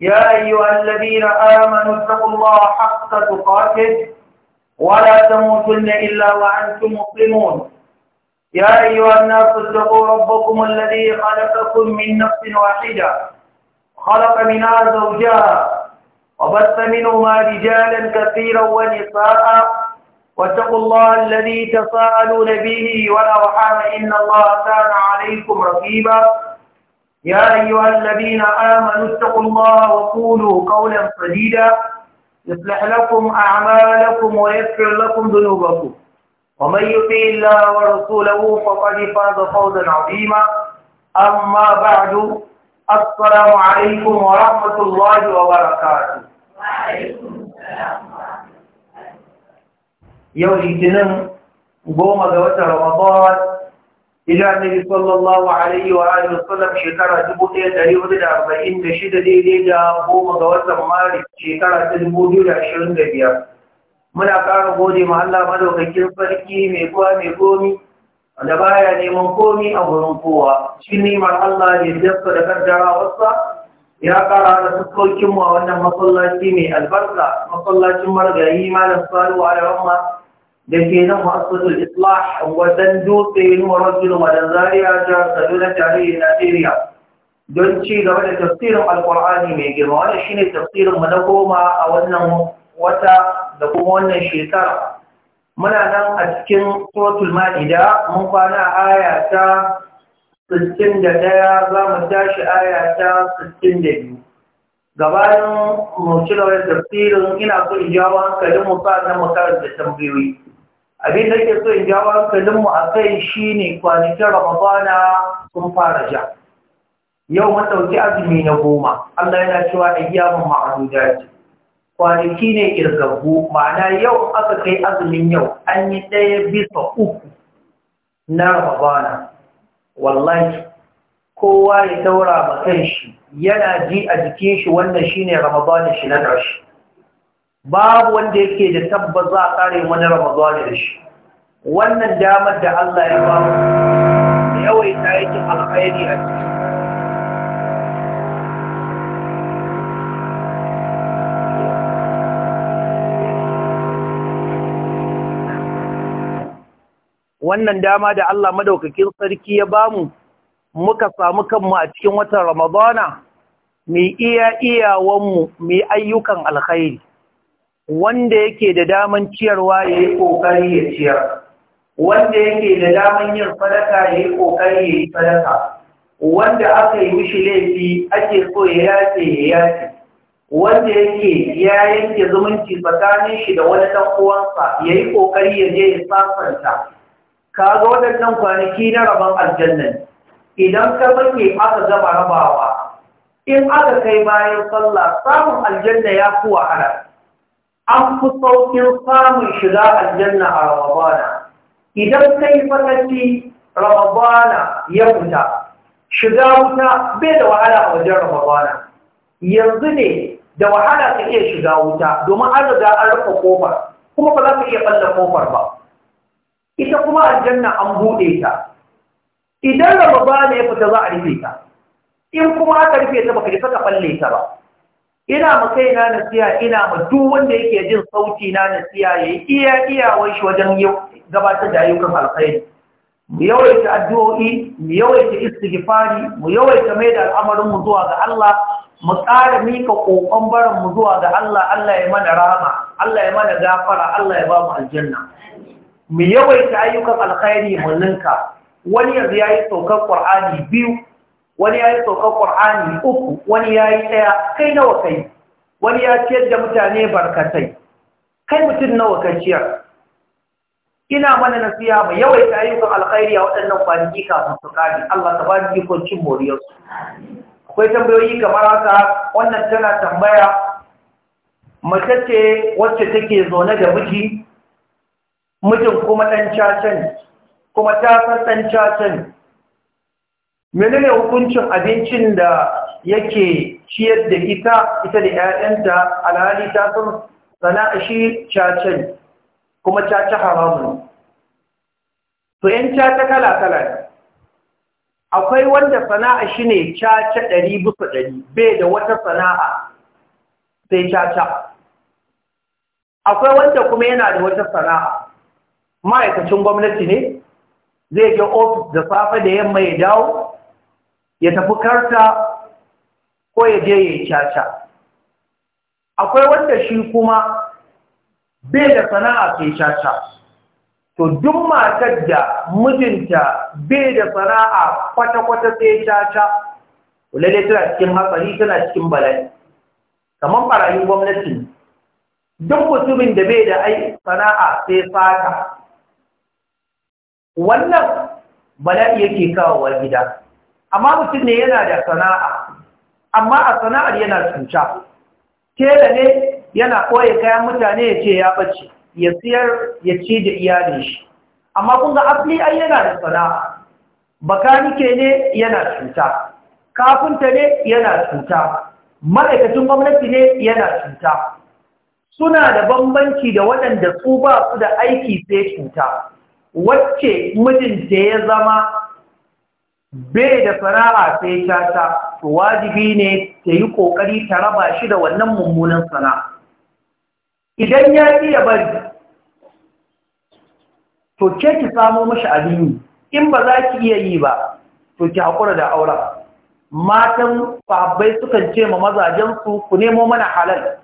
يا أيها الذين آمنوا اتقوا الله حق تقاته ولا تموتن إلا وأنتم مسلمون يا أيها الناس اتقوا ربكم الذي خلقكم من نفس واحدة خلق منها زوجها وبث منهما رجالا كثيرا ونساء واتقوا الله الذي تساءلون به والأرحام إن الله كان عليكم رقيبا يا أيها الذين آمنوا اتقوا الله وقولوا قولا سديدا يصلح لكم أعمالكم ويغفر لكم ذنوبكم ومن يطع الله ورسوله فقد فاز فوزا عظيما أما بعد السلام عليكم ورحمة الله وبركاته وعليكم السلام ورحمة الله يوم الاثنين قوم رمضان إلى النبي صلى الله عليه وآله وسلم شكرا تبوتي تريد أربعين تشد دي دي دا هو dubu biyu da ashirin da biyar. muna ƙara gode ma Allah madaukakin sarki mai kowa mai komi da baya neman komi a gurin kowa shi neman Allah ne jasta da kaddarawarsa ya ƙara da fuskokin mu a wannan masallaci mai albarka masallacin margayi malam salu a rahma da ke nan ma'asatul islah wajen dutse nuwa rajul wajen zariya jihar kaduna tarihin najeriya don ci gaba da tafsirin alkur'ani mai girma wanda shine tafsirin mu na goma a wannan wata da kuma wannan shekara muna nan a cikin suratul ma'ida mun kwana aya ta 61 za mu tashi aya ta 62 gabanin mu ci gaba da tafsirin ina so in jawo hankalin mu sa na mu da tambayoyi abin da ke so in jawo hankalinmu a kai shi ne kwanakin ramadana sun fara ja yau matauki azumi na goma allah yana cewa a yawan ma'anu daji kwanaki ne irgaggu ma'ana yau aka kai azumin yau an yi ɗaya bisa uku na ramadana wallahi kowa ya taura ma kan shi yana ji a jikin shi wannan shine ramadana shi na ƙarshe babu wanda yake da tabbas za a kare wani ramadani da shi wannan damar da Allah ya ba mu da yawai ta yake alkhairi a ciki wannan dama da Allah madaukakin sarki ya bamu muka samu kanmu a cikin watan Ramadana mai iya iyawanmu mai ayyukan alkhairi wanda yake da daman ciyarwa ya yi ƙoƙari ya ciyar wanda yake da daman yin falaka, ya yi ƙoƙari ya yi falaka. wanda aka yi mishi laifi ake so ya yace ya yace wanda yake ya yanke zumunci tsakanin shi da wani ɗan uwansa ya yi ƙoƙari ya je ya sasanta ga waɗannan kwanaki na rabon aljannan idan ka bake aka gama rabawa in aka kai bayan sallah samun aljanna ya fi wahala an fi saukin samun shiga aljanna a Ramadana. Idan kai fakaci Ramadana ya fita, shiga wuta bai da wahala a wajen rababana Yanzu ne da wahala ka iya shiga wuta domin an riga an rufe kofar, kuma ba za ka iya balla kofar ba. Ita kuma aljanna an buɗe ta. Idan rababana ya fita za a rufe ta. In kuma aka rufe ta baka isa ka ɓalle ta ba. ina ma kaina nasiya ina ma duk wanda yake jin sauti na nasiya yayi iya iya shi wajen gabatar da ayyukan alkhairi mu yawaita addu'o'i mu yawaita istighfari mu yawaita mai da al'amarin mu zuwa ga Allah mu tsara mika kokon barin mu zuwa ga Allah Allah ya mana rahama Allah ya mana gafara Allah ya ba mu aljanna mu yawaita ayyukan alkhairi mu ninka wani yanzu yayi saukar Qur'ani biyu wani ya yi saukar ƙur'ani uku wani ya yi ɗaya kai nawa kai wani ya ciyar da mutane barkatai kai mutum nawa kaciyar.' ina mana nasiya mai yawaita kan alkhairi a waɗannan kwanaki kafin su kare Allah ta ba da ikon cin moriyarsu akwai tambayoyi kamar haka wannan tana tambaya mace ce wacce take zaune da miji mijin kuma ɗan cacen kuma ta san ɗan cacen menene hukuncin abincin da yake ciyar da ita ita da 'ya'yanta alhali ta san sana'a shi cacen kuma caca haramu to 'yan caca kala-kala ne akwai wanda sana'a shi ne caca ɗari bisa ɗari bai da wata sana'a sai caca akwai wanda kuma yana da wata sana'a ma'aikacin gwamnati ne zai ga ofis da safe da yamma ya dawo ya tafi karta ko ya je ya yi caca akwai wanda shi kuma bai da sana'a sai caca to duk matar da mijinta bai da sana'a kwata-kwata sai caca lalle tana cikin hatsari tana cikin bala'i kamar barayin gwamnati duk mutumin da bai da ai sana'a sai fata wannan bala'i yake kawowa gida amma mutum ne yana da sana'a amma a sana'ar yana cuta tela ne yana koya kayan mutane ya ce ya ɓace ya siyar ya ci da iyali, shi amma kun ga ai yana da sana'a bakanike ne yana cuta kafinta ne yana cuta ma'aikacin gwamnati ne yana cuta suna da bambanci da waɗanda su ba su da aiki sai cuta wacce mijinta ya zama bai da sana'a sai ta, to wajibi ne ta yi ƙoƙari ta raba shi da wannan mummunan sana'a idan ya iya bari to ke ki samo mashi abin yi in ba za ki iya yi ba to ki haƙura da aura matan babbai sukan ce ma mazajensu ku nemo mana halal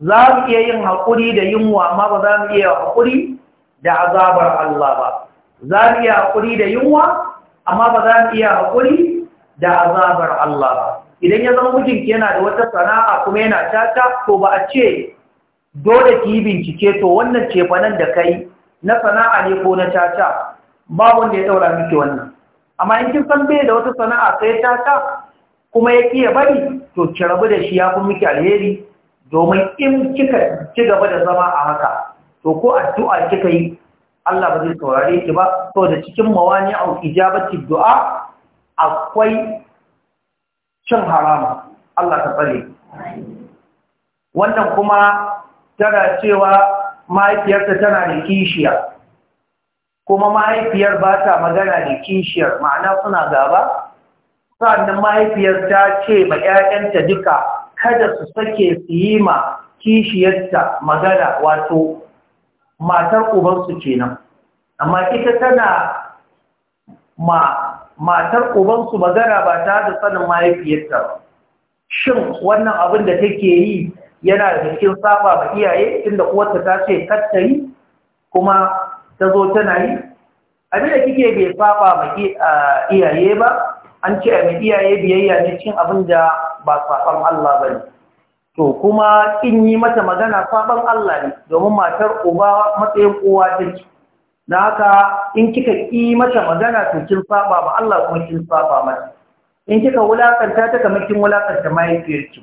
za mu iya yin haƙuri da yunwa amma ba za mu iya haƙuri da azabar Allah ba za mu iya haƙuri da yunwa amma ba za mu iya haƙuri da azabar Allah ba idan ya zama mijinki yana da wata sana'a kuma yana caca ko ba a ce dole ki yi bincike to wannan ce cefanen da kai na sana'a ne ko na caca ba wanda ya daura miki wannan amma in kin san bai da wata sana'a sai caca kuma ya kiya bari to ki rabu da shi ya fi miki alheri domin in kika ci gaba da zama a haka to ko addu'a kika yi Allah ba zai saurare ki ba da cikin mawani au ijabati du'a akwai cin harama Allah ta tsare wannan kuma tana cewa mahaifiyarta tana da kishiya kuma mahaifiyar ba ta magana da kishiyar ma'ana suna gaba Sannan mahaifiyar ta ce ma 'ya'yanta duka kada su sake su yi ma kishiyarta magana wato matar ubansu kenan amma ita tana ma matar ubansu magana ba ta da sanin mahaifiyarta ba shin wannan abin da take yi yana da cikin saba ba iyaye inda uwarta ta ce katta yi kuma ta zo tana yi abin da kike bai saba ma iyaye ba an ce a mai iyaye biyayya ne cikin abin da ba saban Allah ba ne to kuma kin yi mata magana saban Allah ne domin matar uba matsayin uwa take Na haka in kika yi mata magana to kin saba ba Allah kuma kin saba mata in kika wulakanta ta kamar kin wulakanta mahaifiyarki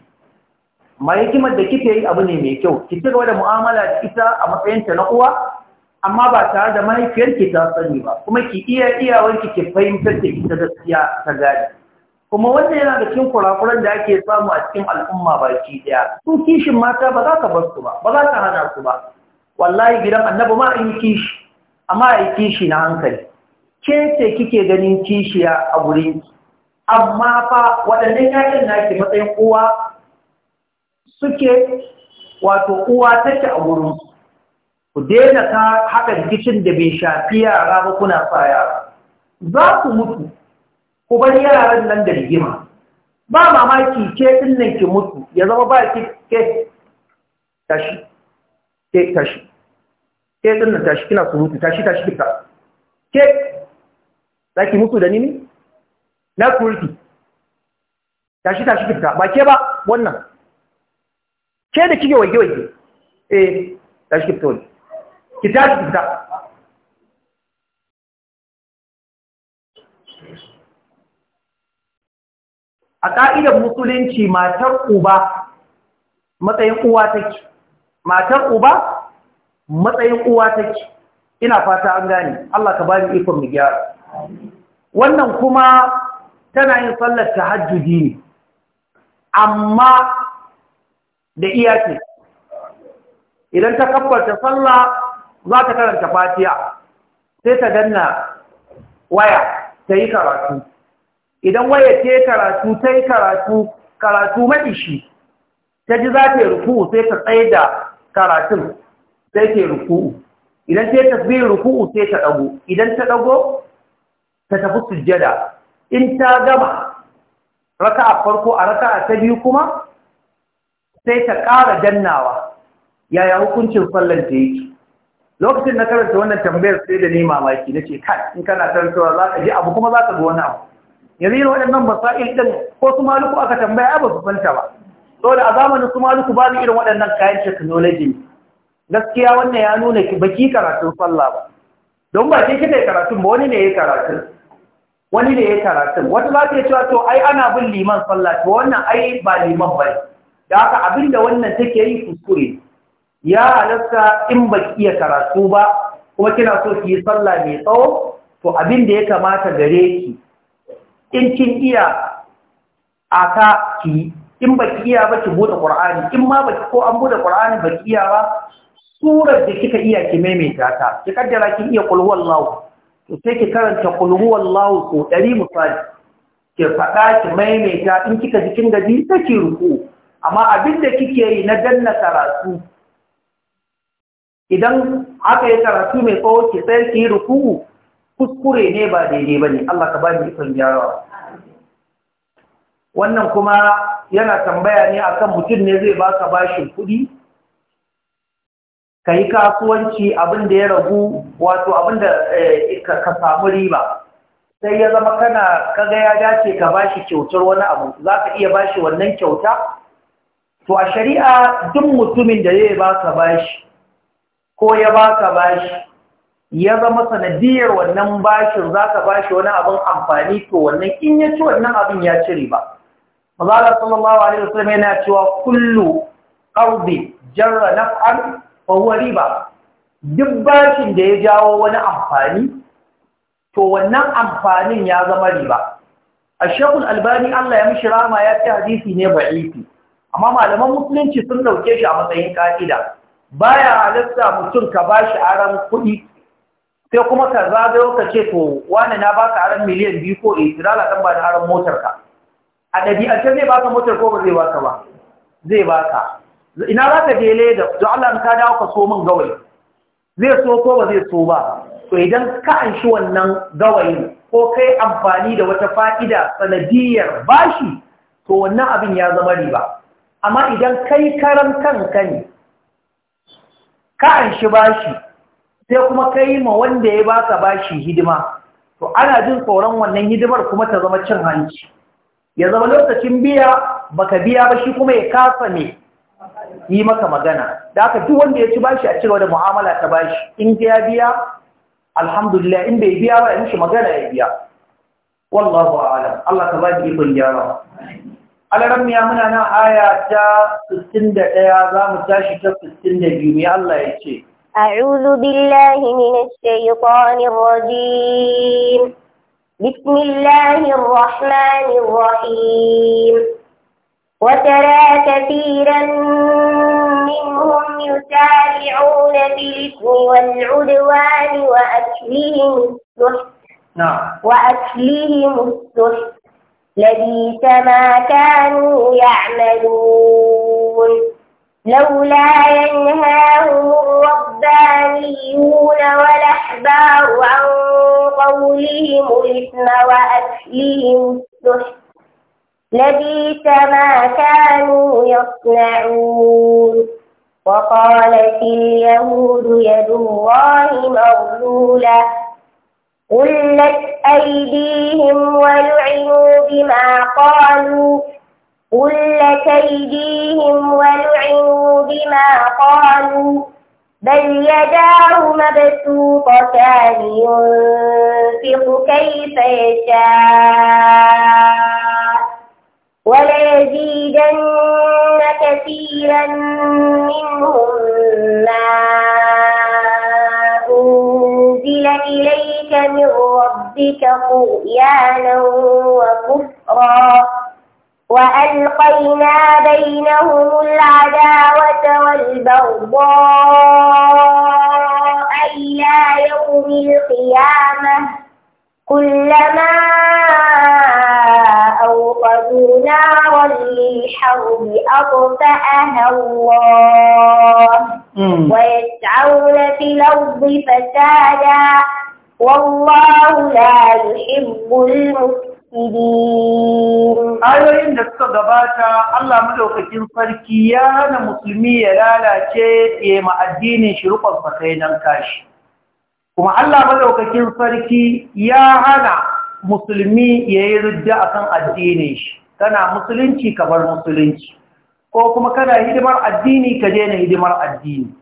mahaifimar da kike yi abu ne mai kyau ki ci gaba da mu'amala da ita a matsayinta na uwa amma ba tare da mahaifiyarki ta sani ba kuma ki iya iyawarki ki fahimtar da ita gaskiya ta gadi kuma wanda yana da cikin kurakuran da ake samu a cikin al'umma baki daya su kishin mata ba za ka bar su ba ba za ka hana su ba wallahi gidan annabi ma an yi kishi amma a yi kishi na hankali ke ce kike ganin kishiya a gurin ki amma fa waɗannan yakin naki matsayin uwa suke wato uwa take a gurin ku daina ka haka rikicin da bai shafi yara ba kuna sa yara za ku mutu ku bar yaran nan da rigima ba mamaki ke ɗin nan ki mutu ya zama ba ki ke tashi ke tashi ke ɗin nan tashi kina surutu tashi tashi duka ke za ki mutu da nini na kurti tashi tashi duka ba ke ba wannan ke da kike wage wage eh tashi ki fito ki tashi ki a ƙa'idar musulunci matar uba matsayin uwa take matar uba matsayin uwa take ina fata an gane Allah ka bani ikon mu gyara wannan kuma tana yin sallar tahajjudi ne amma da iyaki idan ta kabbarta sallah za ta karanta fatiya sai ta danna waya ta yi karatu idan waya ce karatu ta yi karatu karatu maɗishi ta ji za ta yi ruku'u sai ta tsaye da karatun sai ta yi ruku'u idan ta yi tasbihin ruku'u sai ta ɗago idan ta ɗago ta tafi sujjada in ta gama a farko a raka'a ta biyu kuma sai ta ƙara dannawa yaya hukuncin sallar ta yake lokacin na karanta wannan tambayar sai da ni mamaki na ce kai in kana karantawa za ka ji abu kuma za ka ga wani abu yanzu yin waɗannan masail ɗin ko su maluku aka tambaya ba su fanta ba da a zamanin su maluku babu irin waɗannan kayan ne. gaskiya wannan ya nuna ba ki karatun sallah ba don ba ke kita yi karatun ba wani ne ya yi karatun wani ne ya yi karatun wata za ta yi cewa to ai ana bin liman sallah to wannan ai ba liman ba ne da aka abin da wannan take yi kuskure ya halatta in ba iya karatu ba kuma kina so ki yi sallah mai tsawo to abin da ya kamata gare ki in kin iya a ka ki in ba ki iya ba ki bude qur'ani in ma ba ki ko an buɗe qur'ani ba ki iya ba surar da kika iya ki maimaita ta ki kaddara kin iya qul lawo. to sai ki karanta qul lawo ko dari misali ki faɗa ki maimaita in kika ji kin gaji ta ki ruku amma abin da kike yi na danna karatu idan aka yi karatu mai tsawo ki sai ki ruku kuskure ne ba daidai ba ne Allah ka ba ni ikon gyarawa wannan kuma yana tambaya ne akan mutum ne zai baka bashin kuɗi ka yi kasuwanci abin da ya ragu wato abin da eh, ka samu riba sai ya zama kana kaga ya dace ka bashi kyautar wani abu za ka iya bashi wannan kyauta to a shari'a duk mutumin da zai baka bashi ko ya baka bashi ya zama sanadiyar wannan bashin za ka bashi wani abin amfani to wannan in ya ci wannan abin ya cire ba Mazala sallallahu Alaihi wasallam yana cewa kullu ƙarfi jarra naf'an fahuwa riba. Duk bashin da ya jawo wani amfani, to wannan amfanin ya zama riba. A shekul albani Allah ya mishi rama ya ce hadisi ne ba'ifi, amma malaman musulunci sun ɗauke shi a matsayin ƙa'ida. Baya halatta mutum ka bashi aron kuɗi sai kuma ka zagayo ka ce to wani na baka aron miliyan biyu ko eh tirala kan ba da aron motar ka a ɗabi'ance zai baka motar ko ba zai baka ba zai baka ina za ka dele da to Allah ka dawo ka so min gawayi zai so ko ba zai so ba to idan ka anshi wannan gawayi ko kai amfani da wata fa'ida sanadiyar bashi to wannan abin ya zama riba amma idan kai karan kanka ne ka anshi bashi sai kuma kai ma wanda ya baka bashi hidima to ana jin tsoron wannan hidimar kuma ta zama cin hanci ya zama lokacin biya baka biya ba shi kuma ya kasa me yi maka magana da aka duk wanda ya ci bashi a cigaba da mu'amala ta bashi in ya biya alhamdulillah in bai biya ba in mishi magana ya biya wallahu a'lam Allah ka bada ikon gyara alaran miya muna nan aya ta 61 za mu tashi ta 62 mai Allah ya ce أعوذ بالله من الشيطان الرجيم بسم الله الرحمن الرحيم وترى كثيرا منهم يسارعون في الإثم والعدوان وأكلهم السحت نعم وأكلهم السحت لبيس ما كانوا يعملون لولا ينهاهم الربانيون والأحبار عن قولهم الإثم وأكلهم السحت لبيت ما كانوا يصنعون وقالت اليهود يد الله مغلولة قلت أيديهم ولعنوا بما قالوا قل أيديهم ولعنوا بما قالوا بل يداه مبسوطتان ينفق كيف يشاء وليزيدن كثيرا منهم ما أنزل إليك من ربك طغيانا وكفرا وألقينا بينهم العداوة والبغضاء إلى يوم القيامة كلما أوقدوا نارا للحرب أطفأها الله ويسعون في الأرض فسادا والله لا يحب المسلمين مفسدين ayoyin da suka gabata Allah madaukakin sarki ya hana musulmi ya lalace ya ma addinin shi rukun nan kashi kuma Allah madaukakin sarki ya hana musulmi ya yi rudda akan addinin shi kana musulunci ka bar musulunci ko kuma kana hidimar addini ka daina hidimar addini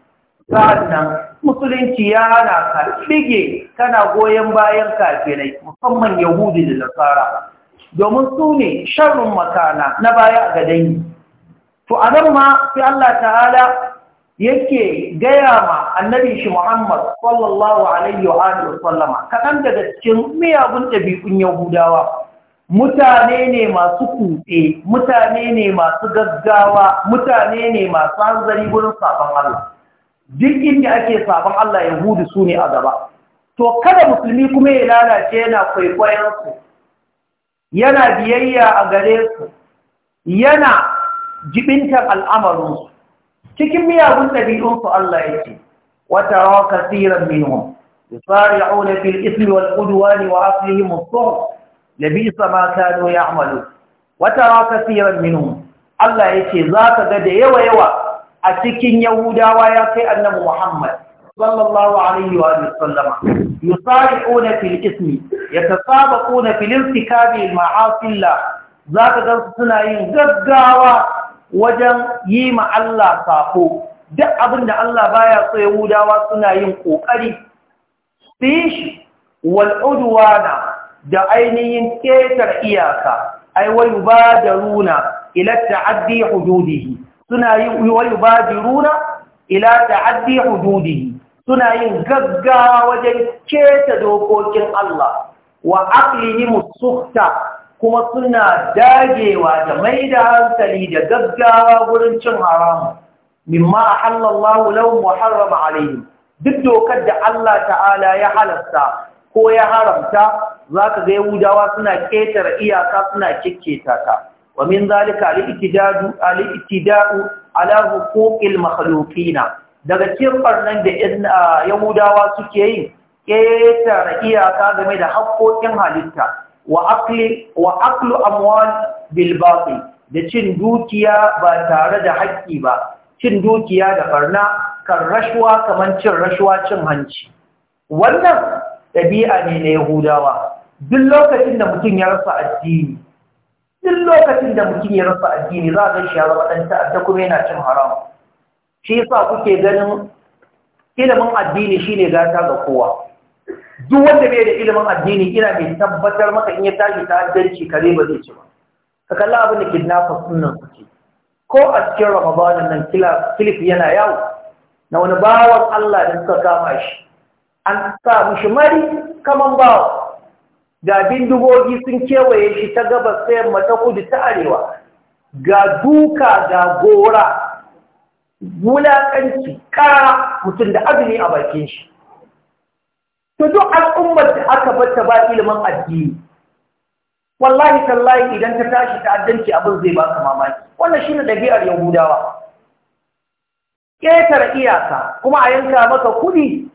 sa'annan musulunci ya hana ka ɗige kana goyon bayan kafirai musamman yahudi da nasara domin su ne sharrin makana na baya ga dangi to a nan ma sai Allah ta'ala yake gaya ma annabi shi Muhammad sallallahu alaihi wa alihi wa kaɗan daga cikin miyagun ɗabi'un yahudawa mutane ne masu kutse mutane ne masu gaggawa mutane ne masu hanzari wurin sabon Allah duk inda ake sabon Allah yahudu su ne a gaba to kada musulmi kuma ya lalace yana kwaikwayon su yana biyayya a gare su yana jibintar al'amarinsu cikin miyagun ɗabi'unsu Allah ya ce wata rawa kasiran minhum yusari'una fil ismi wal udwani wa aslihim as-suhr labisa ma kanu ya'malu wata rawa kasiran minhum Allah ya ce zaka ga da yawa yawa a cikin yahudawa ya kai annabi muhammad sallallahu alaihi wa sallama yusari'una fil ismi yatasabaquna fil irtikabi al ma'asillah zaka ga suna yin gaggawa wajen yi ma Allah sako duk abinda Allah baya so yahudawa suna yin kokari su yi shi da ainihin ƙetar iyaka, ai, wai ba da runa hududihi, suna yi wayubadiruna ila ta'addi hududi. suna yin gaggawa wajen keta dokokin Allah wa aqlihim musukta kuma suna dagewa da mai da hankali da gaggawa gurin cin haramu mimma a lahum wa harrama alaihim duk dokar da Allah ta'ala ya halasta ko ya haramta zaka ga Yahudawa suna ƙetare iyaka suna kikketa ta ومن ذلك الاعتداء الاعتداء على حقوق المخلوقين daga cikin nan da yahudawa suke yi ƙetare iyaka game da haƙƙoƙin halitta wa aklu amwal bil da cin dukiya ba tare da haƙƙi ba cin dukiya da ɓarna kan rashuwa kamar cin rashuwa cin hanci wannan ɗabi'a ne na yahudawa duk lokacin da mutum ya rasa addini duk lokacin da mutum ya rasa addini za a shi ya zama ɗan ta'adda kuma yana cin haram shi yasa kuke ganin ilimin addini shine gata ga kowa duk wanda bai da ilimin addini ina mai tabbatar maka in ya tashi ta'addanci kare ba zai ci ba ka kalla abin da kidnapper sunan nan suke ko a cikin ramadanin nan kilif yana yawo na wani bawan Allah da suka kama shi an sa mishi mari kaman bawa ga bindigogi sun kewaye shi ta gabas ta yamma ta kudu ta arewa ga duka ga gora wulaƙanci ƙara mutum da azumi a bakin shi to duk al'ummar da aka bata ba ilimin addini wallahi tallahi idan ta tashi ta'addanci abin zai baka mamaki wannan shine dabi'ar yahudawa ƙetare iyaka kuma a yanka maka kuɗi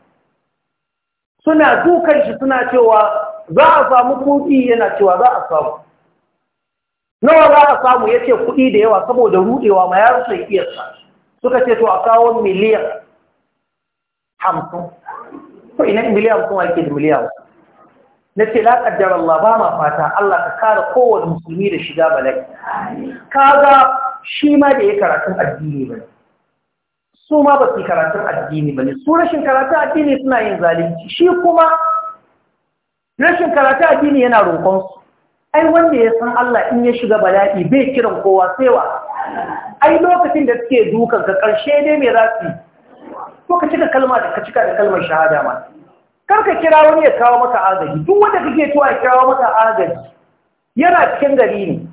suna dukan shi suna cewa za a samu kudi yana cewa za a samu nawa za a samu ya ce kuɗi da yawa saboda ruɗewa ma ya iya sa suka ce to a kawo miliyan hamsin ko ina miliyan kuma yake da miliyan na ce la kaddar Allah ba ma fata Allah ka kare kowane musulmi da shiga bala'i kaga shi ma da ya karatun addini ba su ma ba su karatun addini ba ne su rashin karatun addini suna yin zalunci shi kuma rashin karatu addini yana roƙonsu ai wanda ya san Allah in ya shiga bala'i bai kiran kowa sai wa ai lokacin da suke dukan ka ƙarshe ne mai rafi ko ka cika kalma da ka cika da kalmar shahada ma kar ka kira wani ya kawo maka agaji duk wanda kake cewa ya kawo maka agaji yana cikin gari ne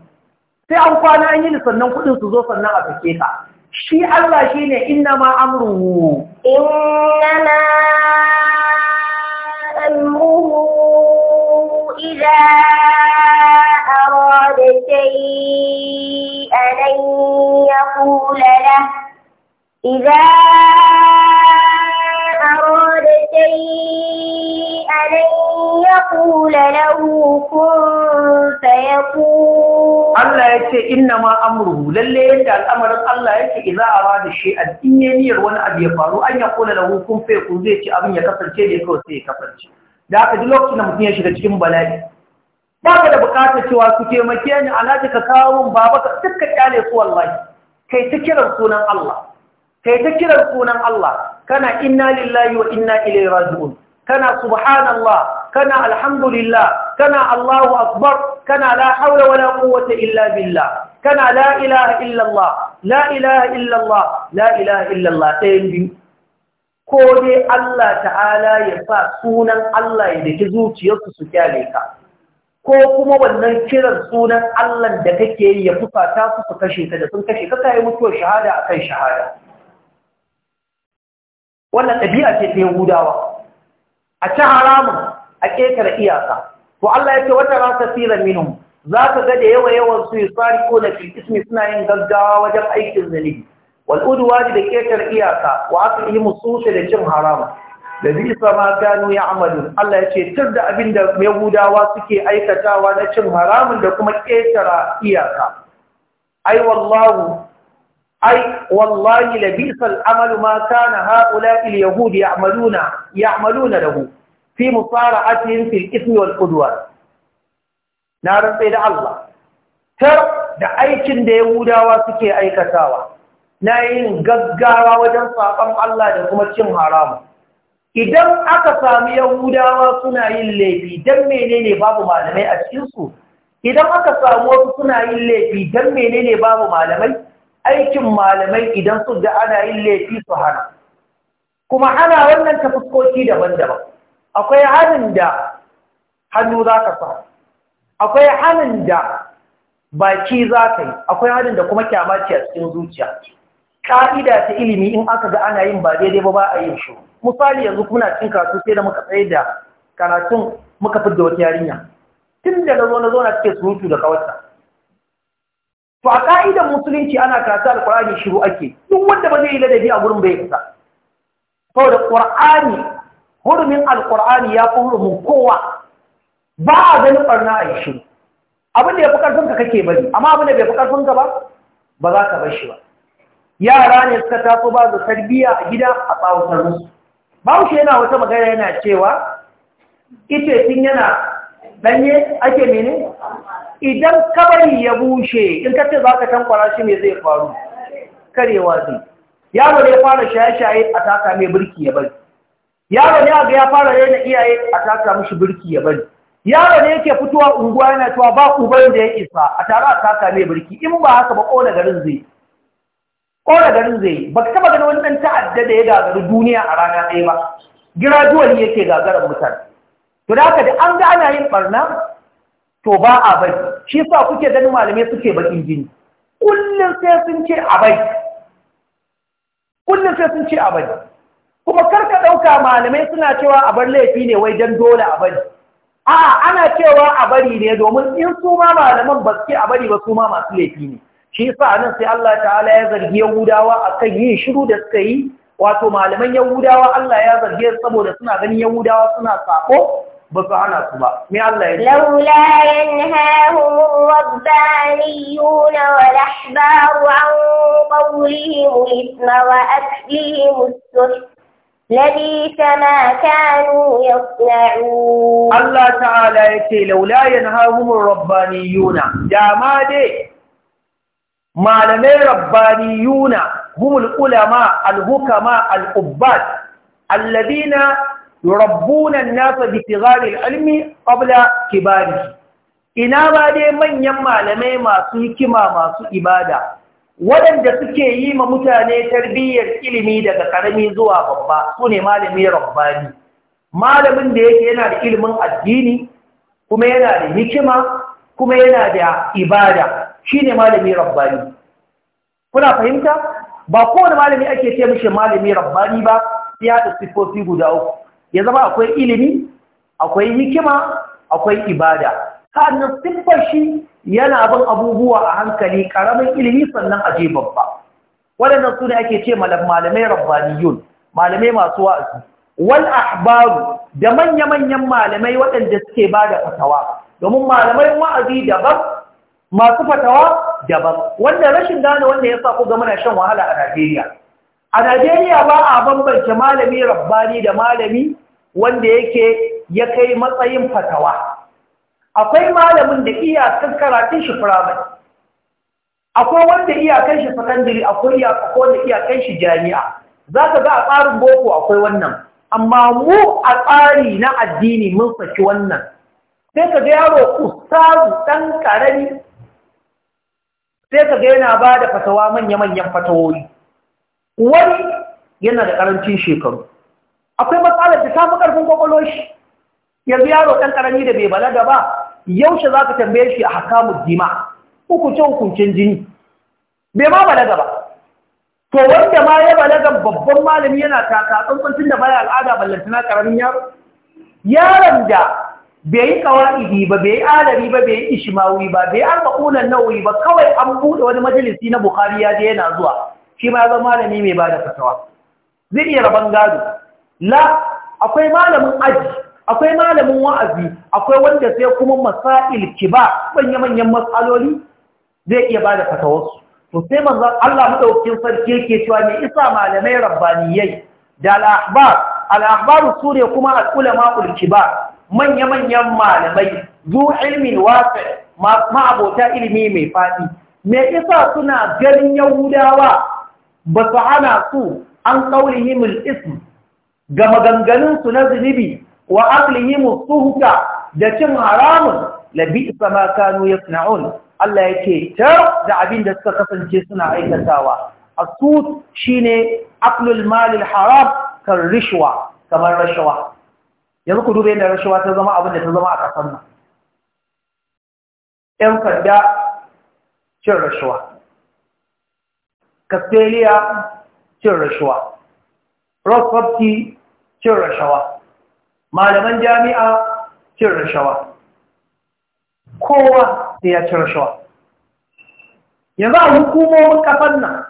sai an kwana an yi sannan kuɗin su zo sannan a sake ka shi Allah shine inna ma amru inna ma إذا أراد شيئا أن يقول له إذا أراد شيئا أن يقول له كن فيكون الله يكي إنما أمره للي يدى الأمر الله يكي إذا أراد شيئا إن يمير وأن أبي يفعله أن يقول له كن فيكون زيتي أبن يكسر شيء يكسر شيء da aka ji lokacin da mutum ya shiga cikin bala'i ba ka da bukatar cewa ku taimake ni alhaji ka kawo min baba ka dukkan kyale su wallahi kai ta kiran sunan Allah kai ta kiran sunan Allah kana inna lillahi wa inna ilaihi raji'un kana subhanallah kana alhamdulillah kana Allahu akbar kana la hawla wala quwwata illa billah kana la ilaha illa Allah la ilaha illa Allah la ilaha illa Allah biyu ko dai Allah ta'ala ya sa sunan Allah ya daki zuciyarsu su kyale ka ko kuma wannan kiran sunan Allah da kake yi ya fusata su su kashe ka da sun kashe ka kai mutuwar shahada akan shahada wannan ɗabi'a ce ta Yahudawa a ci haramun a ƙetare iyaka to Allah ya ce wannan rasa filan minhum za ka ga da yawa yawan su yusari ko na ismi suna yin gaggawa wajen aikin zalimi wal'uduwa da ƙetar iyaka wa aka yi musushe da cin harama da bisa ma gano ya amalu Allah ya ce tur da abin da yahudawa suke aikatawa na cin haramun da kuma ƙetara iyaka ai wallahu ai wallahi la bisa al'amalu ma kana haula il yahudi ya'maluna ya'maluna lahu fi musara'atihim fil ithmi wal na rantsai da Allah tar da aikin da yahudawa suke aikatawa na yin gaggawa wajen saƙon Allah da kuma cin haramu. Idan aka sami Yahudawa suna yin laifi don menene babu malamai a cikinsu, idan aka samu wasu suna yin laifi don menene babu malamai, aikin malamai idan su ga ana yin laifi su hana. Kuma hana wannan ta fuskoki daban-daban. Akwai hannun da hannu za ka sa, akwai hannun da baki za ka yi, akwai hannun da kuma kyamaci a cikin zuciya. ka'ida ta ilimi in aka ga ana yin ba daidai ba ba a yin shi misali yanzu kuna cin kasu sai da muka tsaye da karatun muka fi da wata yarinya tun da na zo na zo na cike surutu da kawarta to a ka'idan musulunci ana karatu alkurani shiru ake duk wanda ba zai yi ladabi a gurin bai kusa saboda qur'ani hurumin alkur'ani ya fi hurumin kowa ba a ganin barna a yi shiru abin da ya fi ƙarfinka kake bari amma abin da bai fi ƙarfinka ka ba ba za ka bar shi ba yara ne suka tafi ba da tarbiyya a gida a tsawatar musu shi yana wata magana yana cewa ita tun yana danye ake mene idan kabari ya bushe in ka za ka tankwara shi mai zai faru karewa zai yaro ne ya fara shaye-shaye a taka mai birki ya bari yaro ne ga ya fara raina iyaye a taka mishi birki ya bari yaro ne yake fitowa unguwa yana cewa ba ubar da ya isa a tare a taka mai birki in ba haka ba kona garin zai ƙora garin zai yi ba ka taba gani wani ɗan ta'adda da ya gagari duniya a rana ɗaya ba giraduwal yake gagarar mutane to da da an ga ana yin barna to ba a bai shi sa kuke ganin malamai suke bakin jini kullum sai sun ce a bai kullum sai sun kuma karka ɗauka malamai suna cewa a bar laifi ne wai don dole a bari a'a ana cewa a bari ne domin in su ma malaman ba suke a bari ba su ma masu laifi ne shi yasa anan sai Allah ta'ala ya zargi Yahudawa akan yin shiru da suka yi wato malaman Yahudawa Allah ya zargi su saboda suna ganin Yahudawa suna sako ba su hana su ba me Allah ya ce laula yanhahum rabbaniyun wal ahbar an qawlihim ithma wa aklihim as-suhr لبيس كانوا يصنعون الله تعالى يقول لولا ينهاهم الربانيون جاما دي malamai rabbaniyuna humul ulama Alhukama, hukama al rabbuna alladhina nasa bi almi al qabla ina ba dai manyan malamai masu hikima masu ibada waɗanda suke yi ma mutane tarbiyyar ilimi daga ƙarami zuwa babba su ne malami rabbani malamin da yake yana da ilimin addini kuma yana da hikima kuma yana da ibada shine malami rabbani kuna fahimta ba kowane malami ake ce mishi malami rabbani ba sai ya sifofi guda uku ya zama akwai ilimi akwai hikima akwai ibada sannan siffar shi yana bin abubuwa a hankali karamin ilimi sannan je babba waɗannan su ne ake ce malamai rabbaniyun malamai masu wa'azi wal ahbaru da manya-manyan malamai waɗanda suke ba da fatawa domin malamai wa'azi daban masu fatawa daban Wannan rashin gane wanda ya sa ku ga muna shan wahala a Najeriya a Najeriya ba a bambance malami rabbani da malami wanda yake ya kai matsayin fatawa akwai malamin da iyakan karatun shi firamare akwai wanda iyakan shi sakandare a akwai iyakan wanda iyakan shi jami'a za ka ga a tsarin boko akwai wannan amma mu a tsari na addini mun saki wannan sai ka ga yaro ustazu ɗan ƙarami sai ka ga yana ba da fatawa manya-manyan fatawoyi wani yana da ƙarancin shekaru akwai matsalar da samun ƙarfin kwakwalo shi yanzu yaro ɗan ƙarami da bai balaga ba yaushe za ka tambaye shi a hakamun jima hukuncin hukuncin jini bai ma balaga ba to wanda ma ya balaga babban malami yana taka tun da baya al'ada ballantana ƙaramin yaro yaron da bai yi ba bai yi ba bai yi ishimawi ba bai an arba'unan nauyi ba kawai an buɗe wani majalisi na bukari ya je yana zuwa shi ma zama malami mai bada da fatawa zai iya rabon gado la akwai malamin aji akwai malamin wa'azi akwai wanda sai kuma masail kiba manya-manyan matsaloli zai iya bada da fatawarsu to sai manzo Allah madaukakin sarki yake cewa ne isa malamai rabbaniyai da al-ahbar al-ahbar sune kuma al-ulama ul-kibar manya-manyan malamai zu ilmin wasa ma'abota ilimi mai faɗi me isa suna ganin yahudawa ba su hana su an ƙaunihimul ism ga maganganunsu na zunubi wa aklihimul suhuka da cin haramun labi isa ma kanu ya Allah yake tar da abin da suka kasance suna aikatawa asut shine aklul malil haram kan rishwa kamar rashawa yanzu ku duba yadda rashawa ta zama abin da ta zama a ƙasar nan ‘yan sanda cin rashawa castelia cin rashawa rosfabti cin rashawa malaman jami'a cin rashawa kowa sai ya cin rashawa yanzu a hukumomin ƙasar nan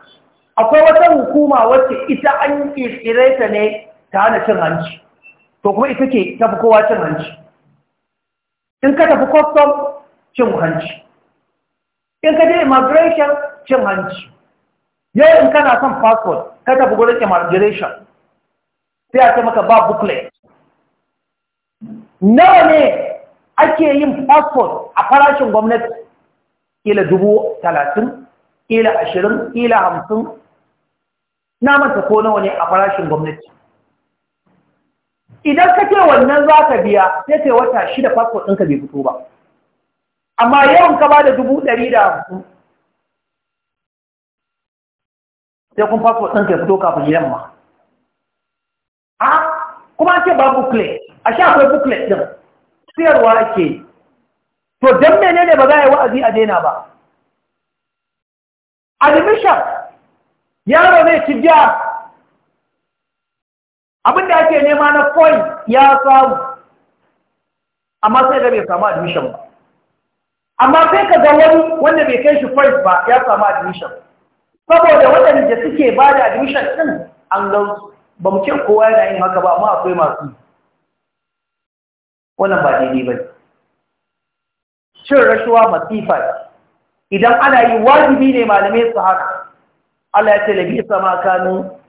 akwai wata hukuma wacce ita an ƙirƙire ta ne ta hana cin hanci to kuma ita ce tafi kowa cin hanci in ka tafi custom cin hanci in ka je immigration cin hanci yau in kana son passport ka tafi gudun immigration sai a ce maka ba booklet nawa ne ake yin passport a farashin gwamnati ila dubu talatin ila ashirin ila hamsin na manta ko nawa ne a farashin gwamnati idan ka ce wannan za ka biya sai kai wata shida fasfo ɗinka bai fito ba amma yawan ka ba da dubu ɗari da hamsin sai kun fasfo ɗinka ya fito kafin yamma a kuma ce ba bukle a sha akwai bukle ɗin siyarwa ake to don ne ba za a yi wa'azi a daina ba admission yaro mai ci jiya abin da ake nema na point ya samu amma sai da bai samu admission ba amma sai ka ga wani wanda bai kai shi point ba ya samu admission saboda waɗanda suke ba da admission ɗin an su ba mu ce kowa yana yin haka ba amma akwai masu wannan ba daidai ba cin rashuwa masifa idan ana yi wajibi ne malamai su haka Allah ya ce labi sama kanu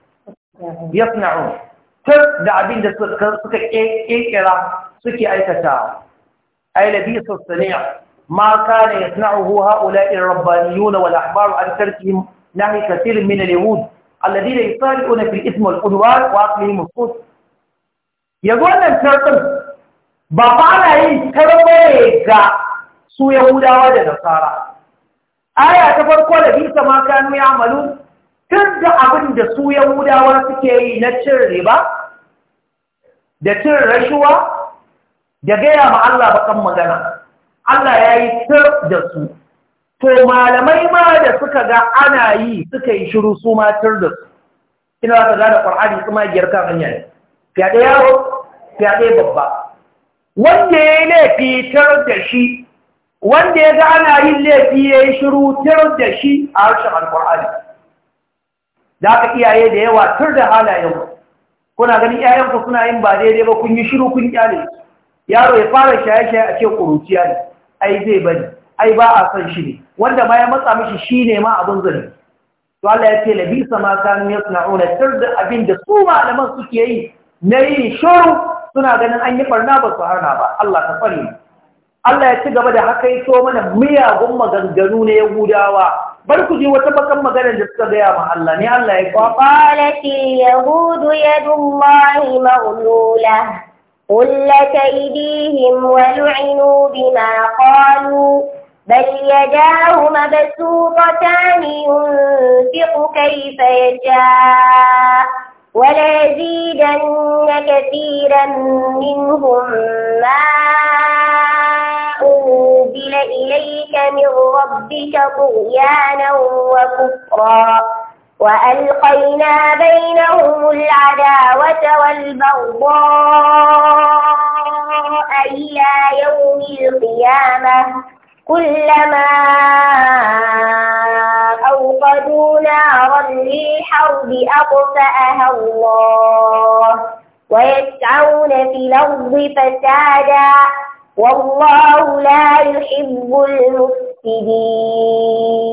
yasna'u tar da abin da suka ƙirƙira suke aikata ai labi sassaniya ma kana yasna'uhu ha'ula'ir rabbaniyun wal ahbar an tarkihim nahi kathir min al-yahud alladhina yusari'una fil ithm wal udwan wa aqlihim as-sut yago wannan tarkin ba fa ana yin tarbaye ga su yahudawa da nasara aya ta farko da bisa ma kanu ya amalu tun da abin da su yahudawa suke yi na cin riba da cin rashuwa da gaya ma Allah bakan magana Allah ya yi tun da su to malamai ma da suka ga ana yi suka yi shiru su ma da su ina za ka gane ƙwar'ani su magiyar kan hanya ne fyaɗe yaro fyaɗe babba wanda ya yi laifi tun da shi wanda ya ga ana yin laifi ya yi shiru tun da shi a harshen alƙwar'adi da ka iyaye da yawa tur da halayen kuna ganin 'ya'yanku suna yin ba daidai ba kun yi shiru kun kyale yaro ya fara shaye-shaye a ce kuruciya ne ai zai bari ai ba a son shi ne wanda ma ya matsa mishi shi ne ma abin zuri to Allah ya ce labisa ma suna ona tur da abin da su malaman suke yi na yin shiru suna ganin an yi barna ba su harna ba Allah ta tsare Allah ya ci gaba da haka ya yi mana miyagun maganganu na Yahudawa bari ku ji wata bakan magana da suka gaya ma Allah ne Allah ya ce wa qalat al-yahud yadullahi maghlula qullat aydihim wa lu'inu bima qalu بل يداه مبسوطتان ينفق كيف يشاء وليزيدن كثيرا منهم ما أنزل إليك من ربك طغيانا وكفرا وألقينا بينهم العداوة والبغضاء إلى يوم القيامة كلما أوقدوا نارا للحرب أطفأها الله ويسعون في الأرض فسادا والله لا يحب ya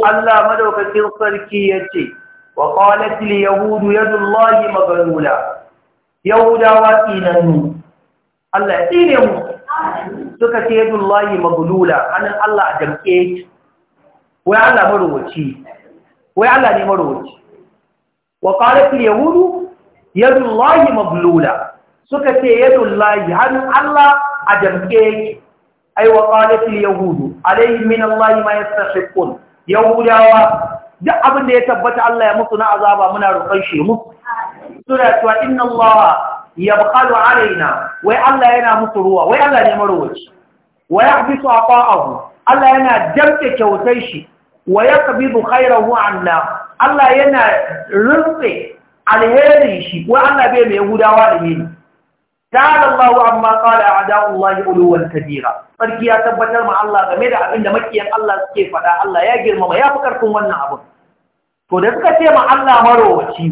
الله مدوكتي الصركي يجي وقالت اليهود suka ce yadda Allahi magulula hannun Allah a jamke wai Allah marowaci wai Allah ne marowaci wa ƙarfin yahudu yadda Allahi magulula suka ce yadda Allahi hannun Allah a jamke ai wa qalatil yahudu alayhi min allahi ma yastahiqun yahudawa duk abin da ya tabbata Allah ya musu na azaba muna roƙon shi musu sura cewa inna allaha yabqalu alaina wai Allah yana musu ruwa wai Allah ne marowaci wa yahbisu aqa'ahu Allah yana jamke kyautai shi wa yaqbidu khayrahu anna Allah yana rinse alheri shi wa Allah bai mai yahudawa da yini ta'ala Allahu amma qala a'da'ullahi uluwan kabira sarki ya tabbatar ma Allah game da abin da makiyan Allah suke faɗa Allah ya girmama ya fi karfin wannan abun to da suka ce ma Allah marowaci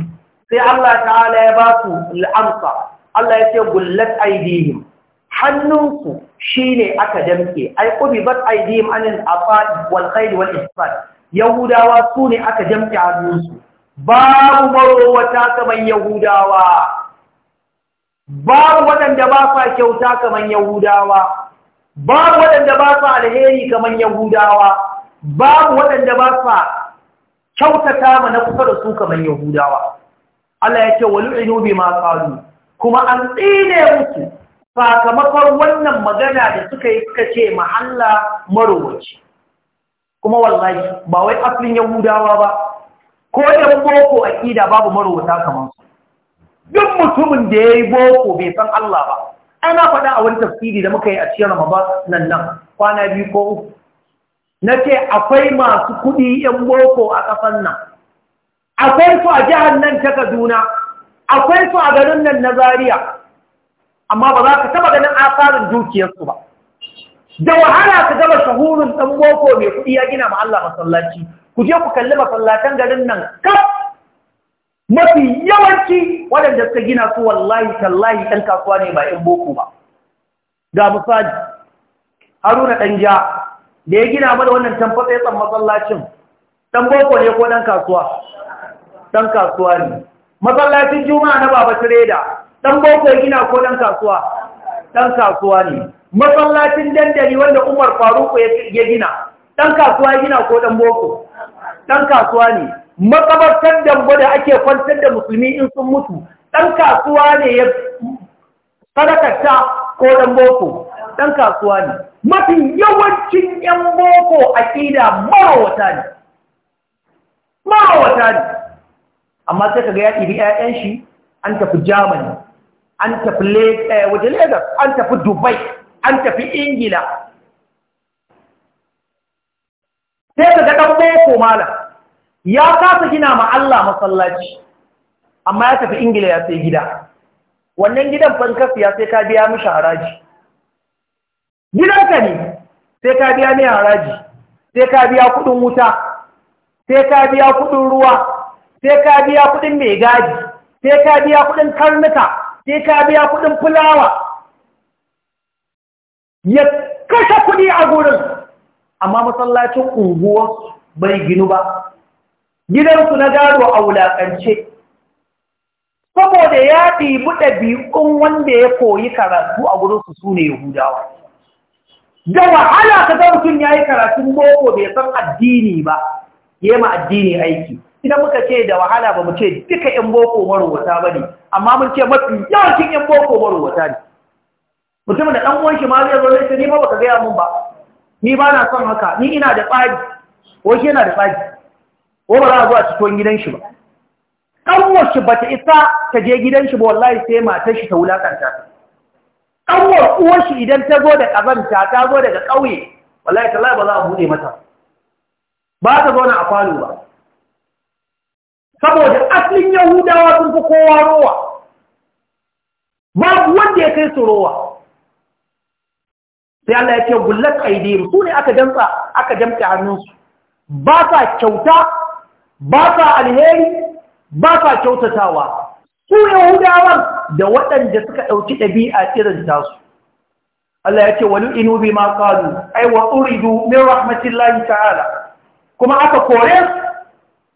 sai Allah ta'ala ya ba su al'amsa Allah ya ce gullat aidihim hannunku shine aka damke ai qubibat aidihim anil afad wal khayl wal ihsan yahudawa su ne aka damke hannunsu babu marowata kamar yahudawa babu waɗanda ba sa kyauta kamar yahudawa babu waɗanda ba sa alheri kamar yahudawa babu waɗanda ba sa kyautata ma na kusa da su kamar yahudawa Allah ya ce bi ma qalu kuma an tsine musu sakamakon wannan magana da suka yi suka ce ma Allah marowaci kuma wallahi ba wai asalin yahudawa ba ko yan boko akida babu marowata kamar su duk mutumin da ya yi boko bai san Allah ba Ai ana faɗa a wani tafsiri da muka yi a cikin Ramadan nan nan kwana biyu ko uku na ce akwai masu kuɗi ‘yan boko a ƙasar nan akwai su a jihar nan ta Kaduna akwai su a garin nan na Zaria amma ba za ka taɓa ganin asarin dukiyarsu ba da wahala ka gama shahurin ɗan boko mai kuɗi ya gina ma Allah masallaci ku je ku kalli masallatan garin nan kaf mafi yawanci waɗanda suka gina su wallahi tallahi ɗan kasuwa ne ba ‘yan boko ba ga misali haruna ɗanja da ya gina mana wannan tamfatsaitsan matsalacin ɗan boko ne ko ɗan kasuwa ɗan kasuwa ne matsalacin juma'a na baba tireda ɗan boko ya gina ko ɗan kasuwa ɗan kasuwa ne matsalacin dandali wanda umar faruku ya gina ɗan kasuwa ya gina ko ɗan boko ɗan kasuwa ne Matsabartar dambo da ake kwantar da musulmi in sun mutu ɗan kasuwa ne ya sadakarta ko ɗan boko ɗan kasuwa ne mafi yawancin ‘yan boko a ƙida marawata ne marawata ne amma sai ka ga ya ɗiri ‘ya'yan shi an tafi germany an tafi eh, wajen lagos an tafi dubai an tafi ingila sai ka ga ɗan boko malam ya kasa gina ma Allah masallaci amma ya tafi ingila ya sai gida wannan gidan fankasa ya sai ka biya mishi haraji gidanka ne sai ka biya mai haraji sai ka biya kudin wuta sai ka biya kudin ruwa sai ka biya kudin mai gadi sai ka biya kudin karnuka sai ka biya kudin fulawa ya kashe kudi a gurin amma masallacin unguwar bai ginu ba gidansu na gado a wulaƙance saboda ya ɗibi ɗabi'un wanda ya koyi karatu a gurinsu su ne yahudawa da wahala ka ga ya yi karatun boko bai san addini ba ya ma addini aiki idan muka ce da wahala ba mu ce duka 'yan boko marowata ba ne amma mun ce mafi yawancin 'yan boko marowata ne mutum da ɗan uwan shi ma zai zo ne ni ba baka gaya mun ba ni ba na son haka ni ina da tsari wani yana da tsari ko ba za a zo a cikin gidan shi ba kanwar shi ta isa ta je gidan shi ba wallahi sai matar shi ta wulakanta ta kanwar uwar shi idan ta zo da ƙazanta ta zo daga ƙauye wallahi tallahi ba za a bude mata ba ta zauna a falo ba saboda asalin yahudawa sun fi kowa rowa babu wanda ya kai su rowa sai Allah ya ce gullat aidihim su ne aka damtsa aka damtsa hannunsu ba sa kyauta ba sa alheri ba sa kyautatawa su yahudawan da waɗanda suka ɗauki ɗabi'a irin tasu Allah ya ce wani inu ma kalu ai wa uridu min rahmatillahi ta'ala kuma aka kore